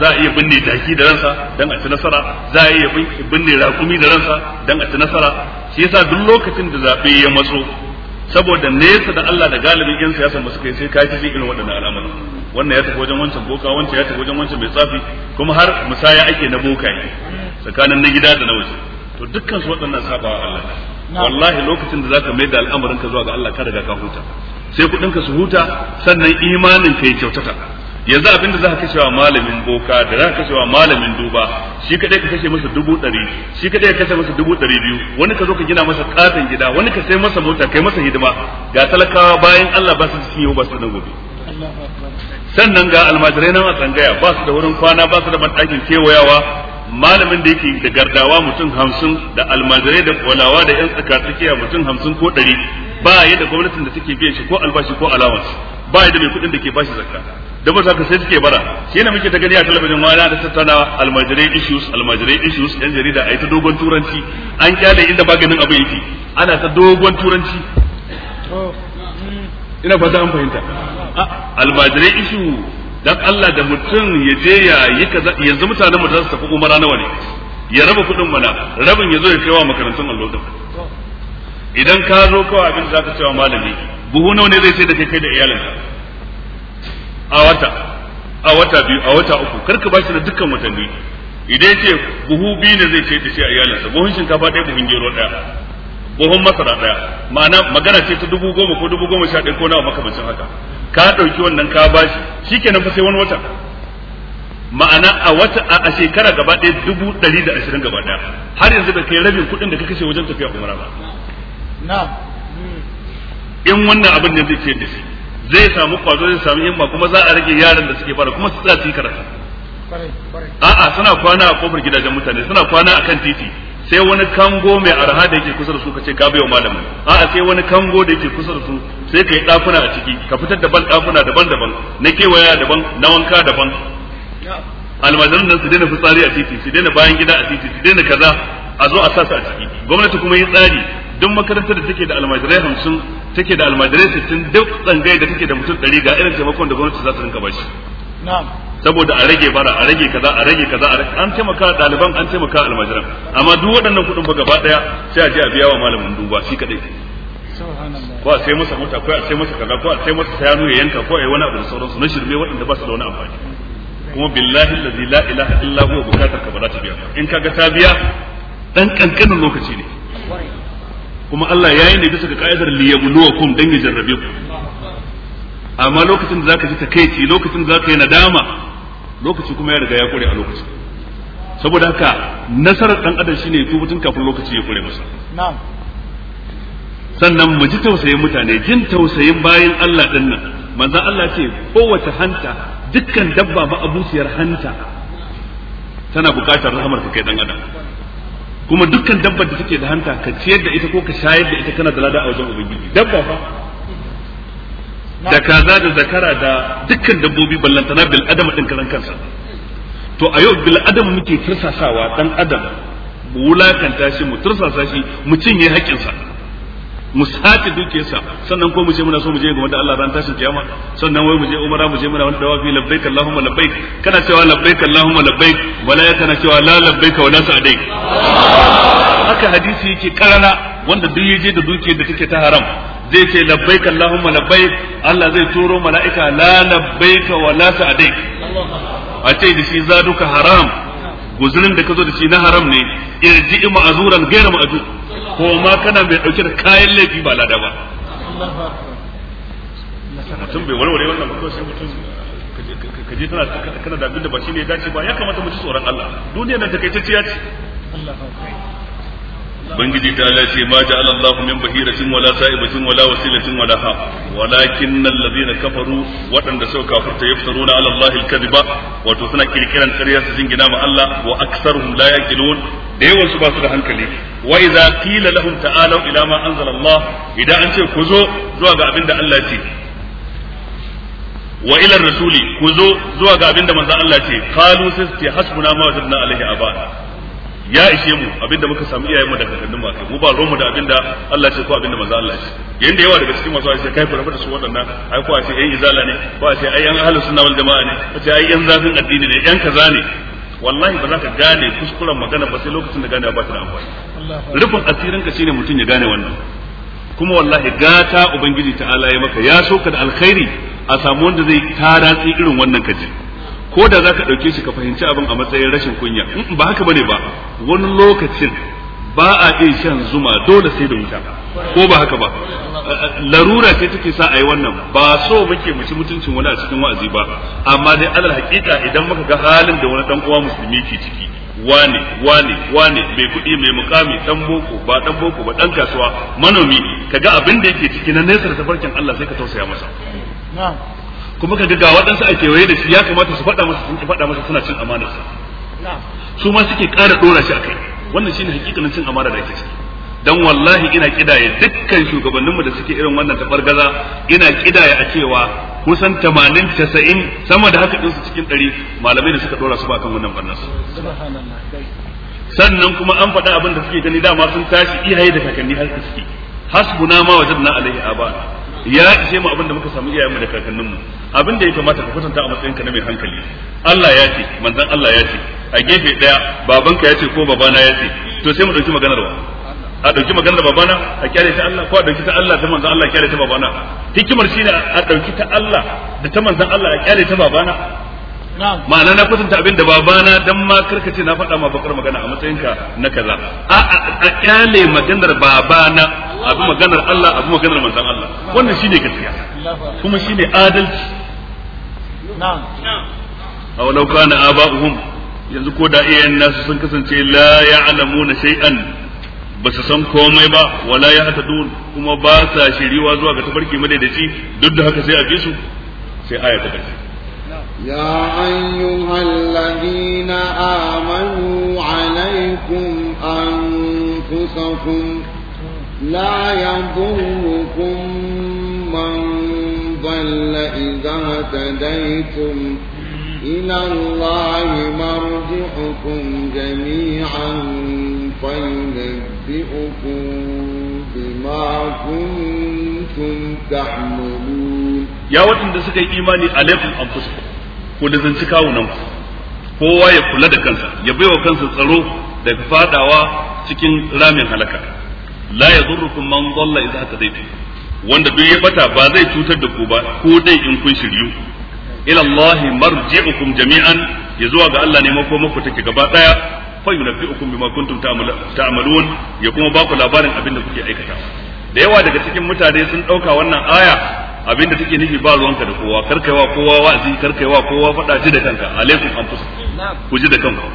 za a iya binne daki da ransa dan a ci nasara za a iya binne rakumi da ransa dan a ci nasara shi yasa duk lokacin da zabe ya maso saboda nesa da Allah da galibin yan siyasa masu kai sai kai cikin irin waɗannan al'amuran wannan ya tafi wajen wancan boka wancan ya tafi wajen wancan mai tsafi kuma har musaya ake na boka tsakanin na gida da na waje to dukkan su waɗannan sabawa Allah wallahi lokacin da zaka mai da al'amarin ka zuwa ga Allah ka daga ka huta sai kudin ka su huta sannan imanin ka ya kyautata yanzu abinda za ka kashewa malamin boka da za ka kashewa malamin duba shi kadai ka kashe masa dubu ɗari shi kadai ka kashe masa dubu ɗari biyu wani ka zo ka gina masa katin gida wani ka sai masa mota kai masa hidima ga talakawa bayan Allah ba su ci yau ba su da gobe sannan ga almajirai nan a tsangaya ba su da wurin kwana ba su da banɗakin kewayawa malamin da yake da gardawa mutum hamsin da almajirai da kwalawa da yan tsaka tsakiya mutum hamsin ko ɗari ba ya da gwamnatin da take biyan shi ko albashi ko alawansu ba ya da mai kuɗin da ke bashi zakka da ba ka sai suke bara shi ne muke ta gani a talabijin ma da tattauna almajirai issues almajirai issues yan jarida ai ta dogon turanci an kyale inda ganin abu yake ana ta dogon turanci ina fata an fahimta almajirai issue dan Allah da mutum ya je ya yi kaza yanzu mutanen mu za su tafi umara nawa ne ya raba kuɗin mana rabin ya zo ya kaiwa makarantun allo din idan ka zo kawai abin da zaka cewa malami buhu nawa ne zai sai da kai da iyalinka a wata a wata biyu a wata uku karka ba shi da dukkan watanni idan ya ce buhu biyu ne zai ce da shi a iyalinsa buhun shinkafa ɗaya buhun gero ɗaya buhun masara ɗaya ma'ana magana ce ta dubu goma ko dubu goma sha ɗaya ko nawa makamancin haka ka ɗauki wannan ka bashi shikenan fa sai wani wata ma'ana a wata a shekara gaba ɗaya dubu ɗari da ashirin gaba ɗaya har yanzu da kai rabin kuɗin da ka kashe wajen tafiya umara ba in wannan abin da zai ce da shi zai samu kwazo zai samu himma kuma za a rage yaran da suke fara kuma su za su yi karatu a'a suna kwana a kofar gidajen mutane suna kwana akan titi sai wani kango mai arha da yake kusa da su ka ce ka biyo malamin a'a sai wani kango da yake kusa da su sai ka yi ɗakuna a ciki ka fitar da ban ɗakuna daban-daban na kewaya daban na wanka daban almajiran nan su daina fitsari a titi su daina bayan gida a titi su daina kaza a zo a sa su a ciki gwamnati kuma yi tsari duk makarantar da take da almajirai hamsin take da almajirai sittin duk tsangai da take da mutum ɗari ga irin taimakon da gwamnati za su rinka bashi saboda a rage bara a rage kaza a rage kaza an taimaka ɗaliban an taimaka almajiran amma duk waɗannan kuɗin ba gaba ɗaya sai a je a biya wa malamin duba shi kaɗai ko a sai masa mota ko a sai masa kaza ko a sai masa sayanu ya yanka ko a yi wani abu da sauransu na shirme waɗanda ba su da wani amfani kuma billahi allazi la ilaha illa huwa bukatar ka ba za ta biya in kaga ta biya dan kankanin lokaci ne kuma Allah ya yi ne bisa ga ka'idar liyabluwakum dan ya jarrabe ku amma lokacin da zaka ji takeici lokacin da zaka yi nadama lokaci kuma ya riga ya kure a lokacin saboda haka nasarar dan adam shine ya tubutun kafin lokaci ya kure masa sannan mu ji tausayin mutane jin tausayin bayan Allah din nan manzo Allah ce kowace hanta dukkan dabba ba abusiyar hanta tana bukatar rahamar ka kai dan adam kuma dukkan dabbar da take da hanta ka ciyar da ita ko ka shayar da ita kana da lada a wajen ubangiji dabba fa da kaza da zakara da dukkan dabbobi ballantana bil adam din karan kansa to a yau bil adam muke tursasawa dan adam mu wulakanta shi mu tursasa shi mu cinye haƙƙinsa mu sace dukiyarsa sannan ko mu je muna so mu je ga wanda Allah ran tashin kiyama sannan wai mu je umara mu je muna wani dawafi labbaik allahumma labbaik kana cewa labbaik allahumma labbaik wala ya kana cewa la labbaik wala sa'daik haka hadisi yake karana wanda duk yaje da dukiyar da take ta haram zai ce labbaik allahumma labbaik Allah zai turo mala'ika la labbaik wala sa'daik a ce da shi zaduka haram guzurin da ka zo da shi na haram ne irji'i ma'azuran ghayra ma'azur ko ma kana mai dauke da kayan laifi ba lada ba mutum bai warware wannan ba sai mutum ka je kana da abin da ba shine ya dace ba ya kamata mu ci tsoron Allah duniya nan takaitacciya ce ubangiji ta Allah ce ma ja Allah min bahiratin wala sa'ibatin wala wasilatin wala ha walakin allazina kafaru wadanda suka kafirta yaftaruna ala Allah al-kadhiba wato suna kirkiran ƙarya su jingina ma Allah wa aktsaruhum la yaqilun da yawan su ba su da hankali wa idza qila lahum ta'alu ila ma anzala Allah idan an ce ku zo zuwa ga abinda Allah ce wa ila rasuli ku zo zuwa ga abinda manzo Allah ce qalu sai hasbuna ma wajadna alaihi abana ya ishe mu abinda muka samu iyayen mu da kakannin mu akai mu ba ruwan mu da abinda Allah ce ko abinda manzo Allah ce yayin da yawa daga cikin masu ai sai kai ku rabu da su waɗannan ai ko a ce ai izala ne ko a ce ai yan ahlus sunna wal jamaa ne ko a ce ai yan zafin addini ne yan kaza ne wallahi ba za ka gane kuskuren magana ba sai lokacin da gane ba ta da amfani rufin ka shine mutum ya gane wannan kuma wallahi gata ubangiji ta'ala ya maka ya so da alkhairi a samu wanda zai tara irin wannan kaji ko da zaka dauke shi ka fahimci abin a matsayin rashin kunya mm, ba haka bane ba wani lokacin ba a iya shan zuma dole sai da wuta ko ba haka ba larura ce take sa a yi wannan ba so muke mu ci mutuncin wani a cikin wa'azi ba amma dai alal hakika idan muka ga halin da wani dan uwa musulmi ke ciki wane wane wane mai kuɗi mai mukami dan boko ba dan boko ba dan kasuwa manomi kaga abin da yake ciki na nesa da tafarkin Allah sai ka tausaya masa kuma ka ga waɗansu a kewaye da shi ya kamata su faɗa masa sun faɗa masa suna cin amanar sa su ma suke ƙara ɗora shi akai wannan shine hakikanin cin amana da ake ciki dan wallahi ina ƙidaya dukkan shugabanninmu da suke irin wannan tabargaza ina ƙidaya a cewa kusan 80 90 sama da haka su cikin 100 malamai da suka dora su ba kan wannan barnar su sannan kuma an faɗa abin da suke gani dama sun tashi iyaye da kakanni har suke hasbuna ma wajadna alaihi abana ya ce mu abin da muka samu iyayenmu da kakanninmu abin da ya kamata ka kwatanta a matsayin ka na mai hankali Allah ya ce manzon Allah ya ce a gefe daya babanka ya ce ko babana ya ce to sai mu dauki maganar wa a dauki maganar babana a kyale ta Allah ko a dauki ta Allah ta manzon Allah kyale ta babana hikimar shine a dauki ta Allah da ta manzon Allah a kyale ta babana ma'ana na kwatanta abin da babana dan ma karkace na faɗa ma bakar magana a matsayinka na kaza a a kyale maganar babana abu maganar Allah abu maganar manzon Allah wannan shine gaskiya kuma shine adalci na'am aw law kana aba'uhum yanzu ko da iyayen nasu sun kasance la ya'lamuna shay'an ba su san komai ba wala ya hata kuma ba sa shiriwa zuwa ga tafarki madaidaci duk da haka sai a bi su sai aya ta يا أيها الذين آمنوا عليكم أنفسكم لا يضركم من ضل إذا اهتديتم إلى الله مرجعكم جميعا فينبئكم بما كنتم تعملون يا وطن da suka yi imani alaikum anfusakum ku kawo kawunan ku kowa ya kula da kansa ya baiwa kansa tsaro daga fadawa cikin ramin halaka la yadurrukum man dalla idza hadaytum wanda duk ya bata ba zai cutar da ku ba ko dai in kun shiryu ila allahi marji'ukum jami'an ya zuwa ga Allah ne mako muku take gaba daya fa yunabbi'ukum bima kuntum ta'malun ya kuma ba ku labarin abin da kuke aikata da yawa daga cikin mutane sun dauka wannan aya abinda take nufi ba ruwanka da kowa karkaiwa kowa wa'azi karkaiwa kowa faɗa ji da kanka alaikum anfus ku ji da kanku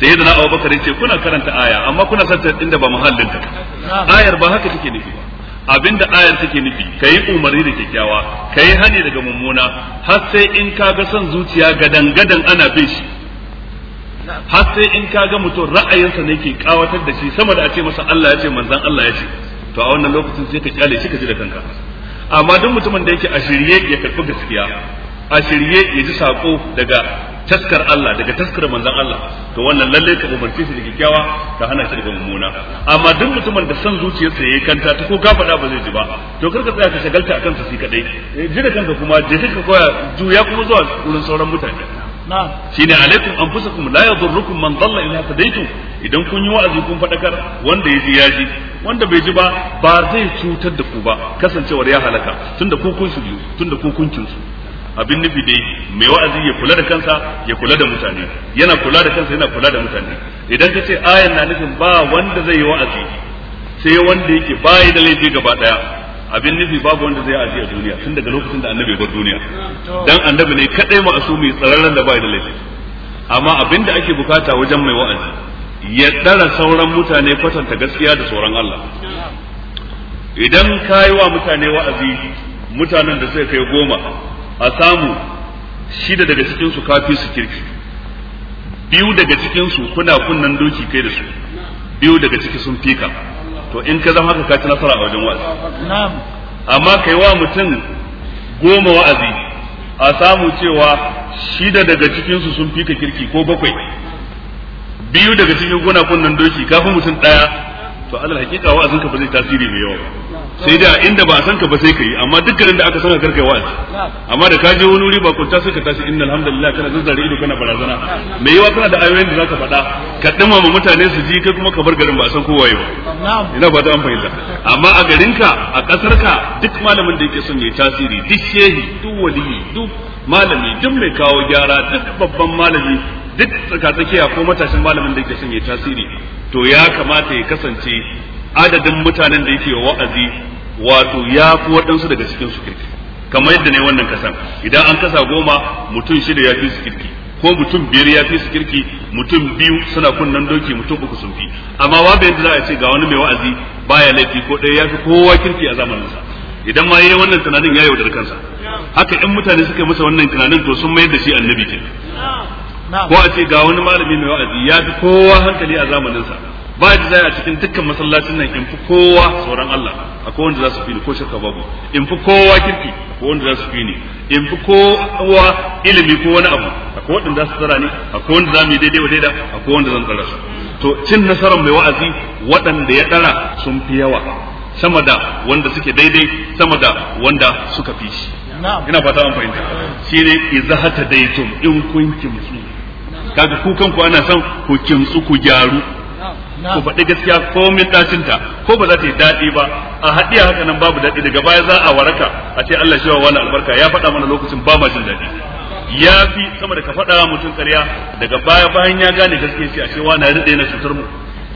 sai da na Abu Bakar yace kuna karanta aya amma kuna santa inda ba muhallin ta ayar ba haka take nufi ba abinda ayar take nufi kai umarni da kyakkyawa kai hani daga mummuna har sai in ka ga son zuciya gadan gadan ana bin shi har sai in ka ga mutum ra'ayinsa ne ke kawatar da shi sama da a ce masa Allah ya ce manzon Allah ya ce to a wannan lokacin sai ka kyale shi ka ji da kanka amma duk mutumin da yake a shirye ya karɓi gaskiya a shirye ya ji sako daga taskar Allah daga taskar manzon Allah to wannan lalle ka umarci shi da kyakkyawa ka hana shi daga mummuna amma duk mutumin da san zuciyarsa yayi kanta ta ko gafada ba zai ji ba to karka tsaya ka shagalta akan sa shi kadai eh, ji da kanka kuma je ka koya juya kuma zuwa wurin sauran mutane na'am shine alaikum anfusakum la yadurrukum man dalla ila hadaytum idan kun yi wa'azi kun fadakar wanda ya ji ya wanda bai ji ba ba zai cutar da ku ba kasancewar ya halaka tunda ku kun shiryu tunda ku kun kinsu abin nufi dai mai wa'azi ya kula da kansa ya kula da mutane yana kula da kansa yana kula da mutane idan ka ce ayan na nufin ba wanda zai yi wa'azi sai wanda yake bayi da laifi gaba daya abin nufi babu wanda zai aji a duniya tun daga lokacin da annabi bar duniya dan annabi ne kadai mai tsararren da bai da laifi amma abin da ake bukata wajen mai wa'azi ya ɗara sauran mutane kwatanta gaskiya da sauran Allah idan ka yi wa mutane wa'azi mutanen da suka kai goma a samu shida daga cikinsu kafi su kirki biyu daga cikinsu kuna kunnan doki kai da su biyu daga ciki sun fika to in ka zama haka ka ci nasara a wajen wa'azi amma kai wa mutum goma wa'azi a samu cewa shida daga cikinsu sun fika kirki ko bakwai biyu daga cikin gona kunnan doki kafin mutum daya to alal hakika wa'azin ka ba zai tasiri mai yawa sai da inda ba san ka ba sai kai amma dukkanin da aka san ka karkai wa'azi amma da ka je wani wuri ba ku ta ka tashi innal hamdalillah kana zazzare ido kana barazana mai yawa kana da ayoyin da zaka faɗa ka dima ma mutane su ji kai kuma ka bar garin ba san kowa ba ina ba ta an fahimta amma a garin ka a kasar ka duk malamin da yake son ya tasiri duk shehi duk waliyi duk malami duk mai kawo gyara duk babban malami duk tsakatsakiya ko matashin malamin da yake son ya tasiri to ya kamata ya kasance adadin mutanen da yake wa'azi wato ya fi waɗansu daga cikin su kirki kamar yadda ne wannan kasan idan an kasa goma mutum shida ya fi su kirki ko mutum biyar ya fi su kirki mutum biyu suna kunnan doki mutum uku sun fi amma babu yadda za a ce ga wani mai wa'azi baya laifi ko ɗaya ya fi kowa kirki a zamaninsa idan ma yayi wannan tunanin ya yaudar kansa haka in mutane suka masa wannan tunanin to sun mayar da shi annabi kenan ko a ce ga wani malami mai wa'azi ya fi kowa hankali a zamaninsa ba ya zai a cikin dukkan masallacin nan in fi kowa sauran Allah a ko wanda za su fi ni ko shakka babu in fi kowa kirki ko wanda za su fi ni in fi kowa ilimi ko wani abu a ko wanda za su tsara ni ko wanda za mu yi daidai wa daida ko wanda zan tsara su to cin nasarar mai wa'azi waɗanda ya ɗara sun fi yawa sama da wanda suke daidai sama da wanda suka fi shi ina fata an fahimta shi ne izahata hata daitum in kun kimsu kaga ku kanku ana son ku kimtsu ku gyaru ku faɗi gaskiya min ɗacin ta ko ba za ta yi daɗi ba a haɗiya haka nan babu daɗi daga baya za a waraka a ce Allah shi wa wani albarka ya faɗa mana lokacin ba ma jin daɗi ya fi sama da ka faɗa mutum ƙarya daga baya bayan ya gane gaskiya ce a ce wani riɗe na cutar mu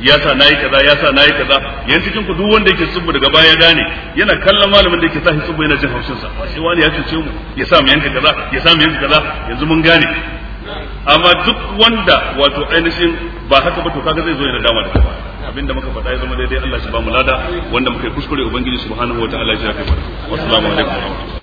ya sa nayi kaza ya sa nayi kaza yanzu cikin ku duk wanda yake subu daga baya gane yana kallon malamin da yake sa shi subu yana jin haushin sa sai wani ya cuce mu ya sa mu yanka kaza ya sa mu yanka kaza yanzu mun gane amma duk wanda wato ainihin ba haka ba to kaga zai zo ya dama da kafa abinda muka faɗa ya zama daidai Allah shi ba mu lada wanda muka yi kuskure ubangiji subhanahu wataala ya shafe mu assalamu alaikum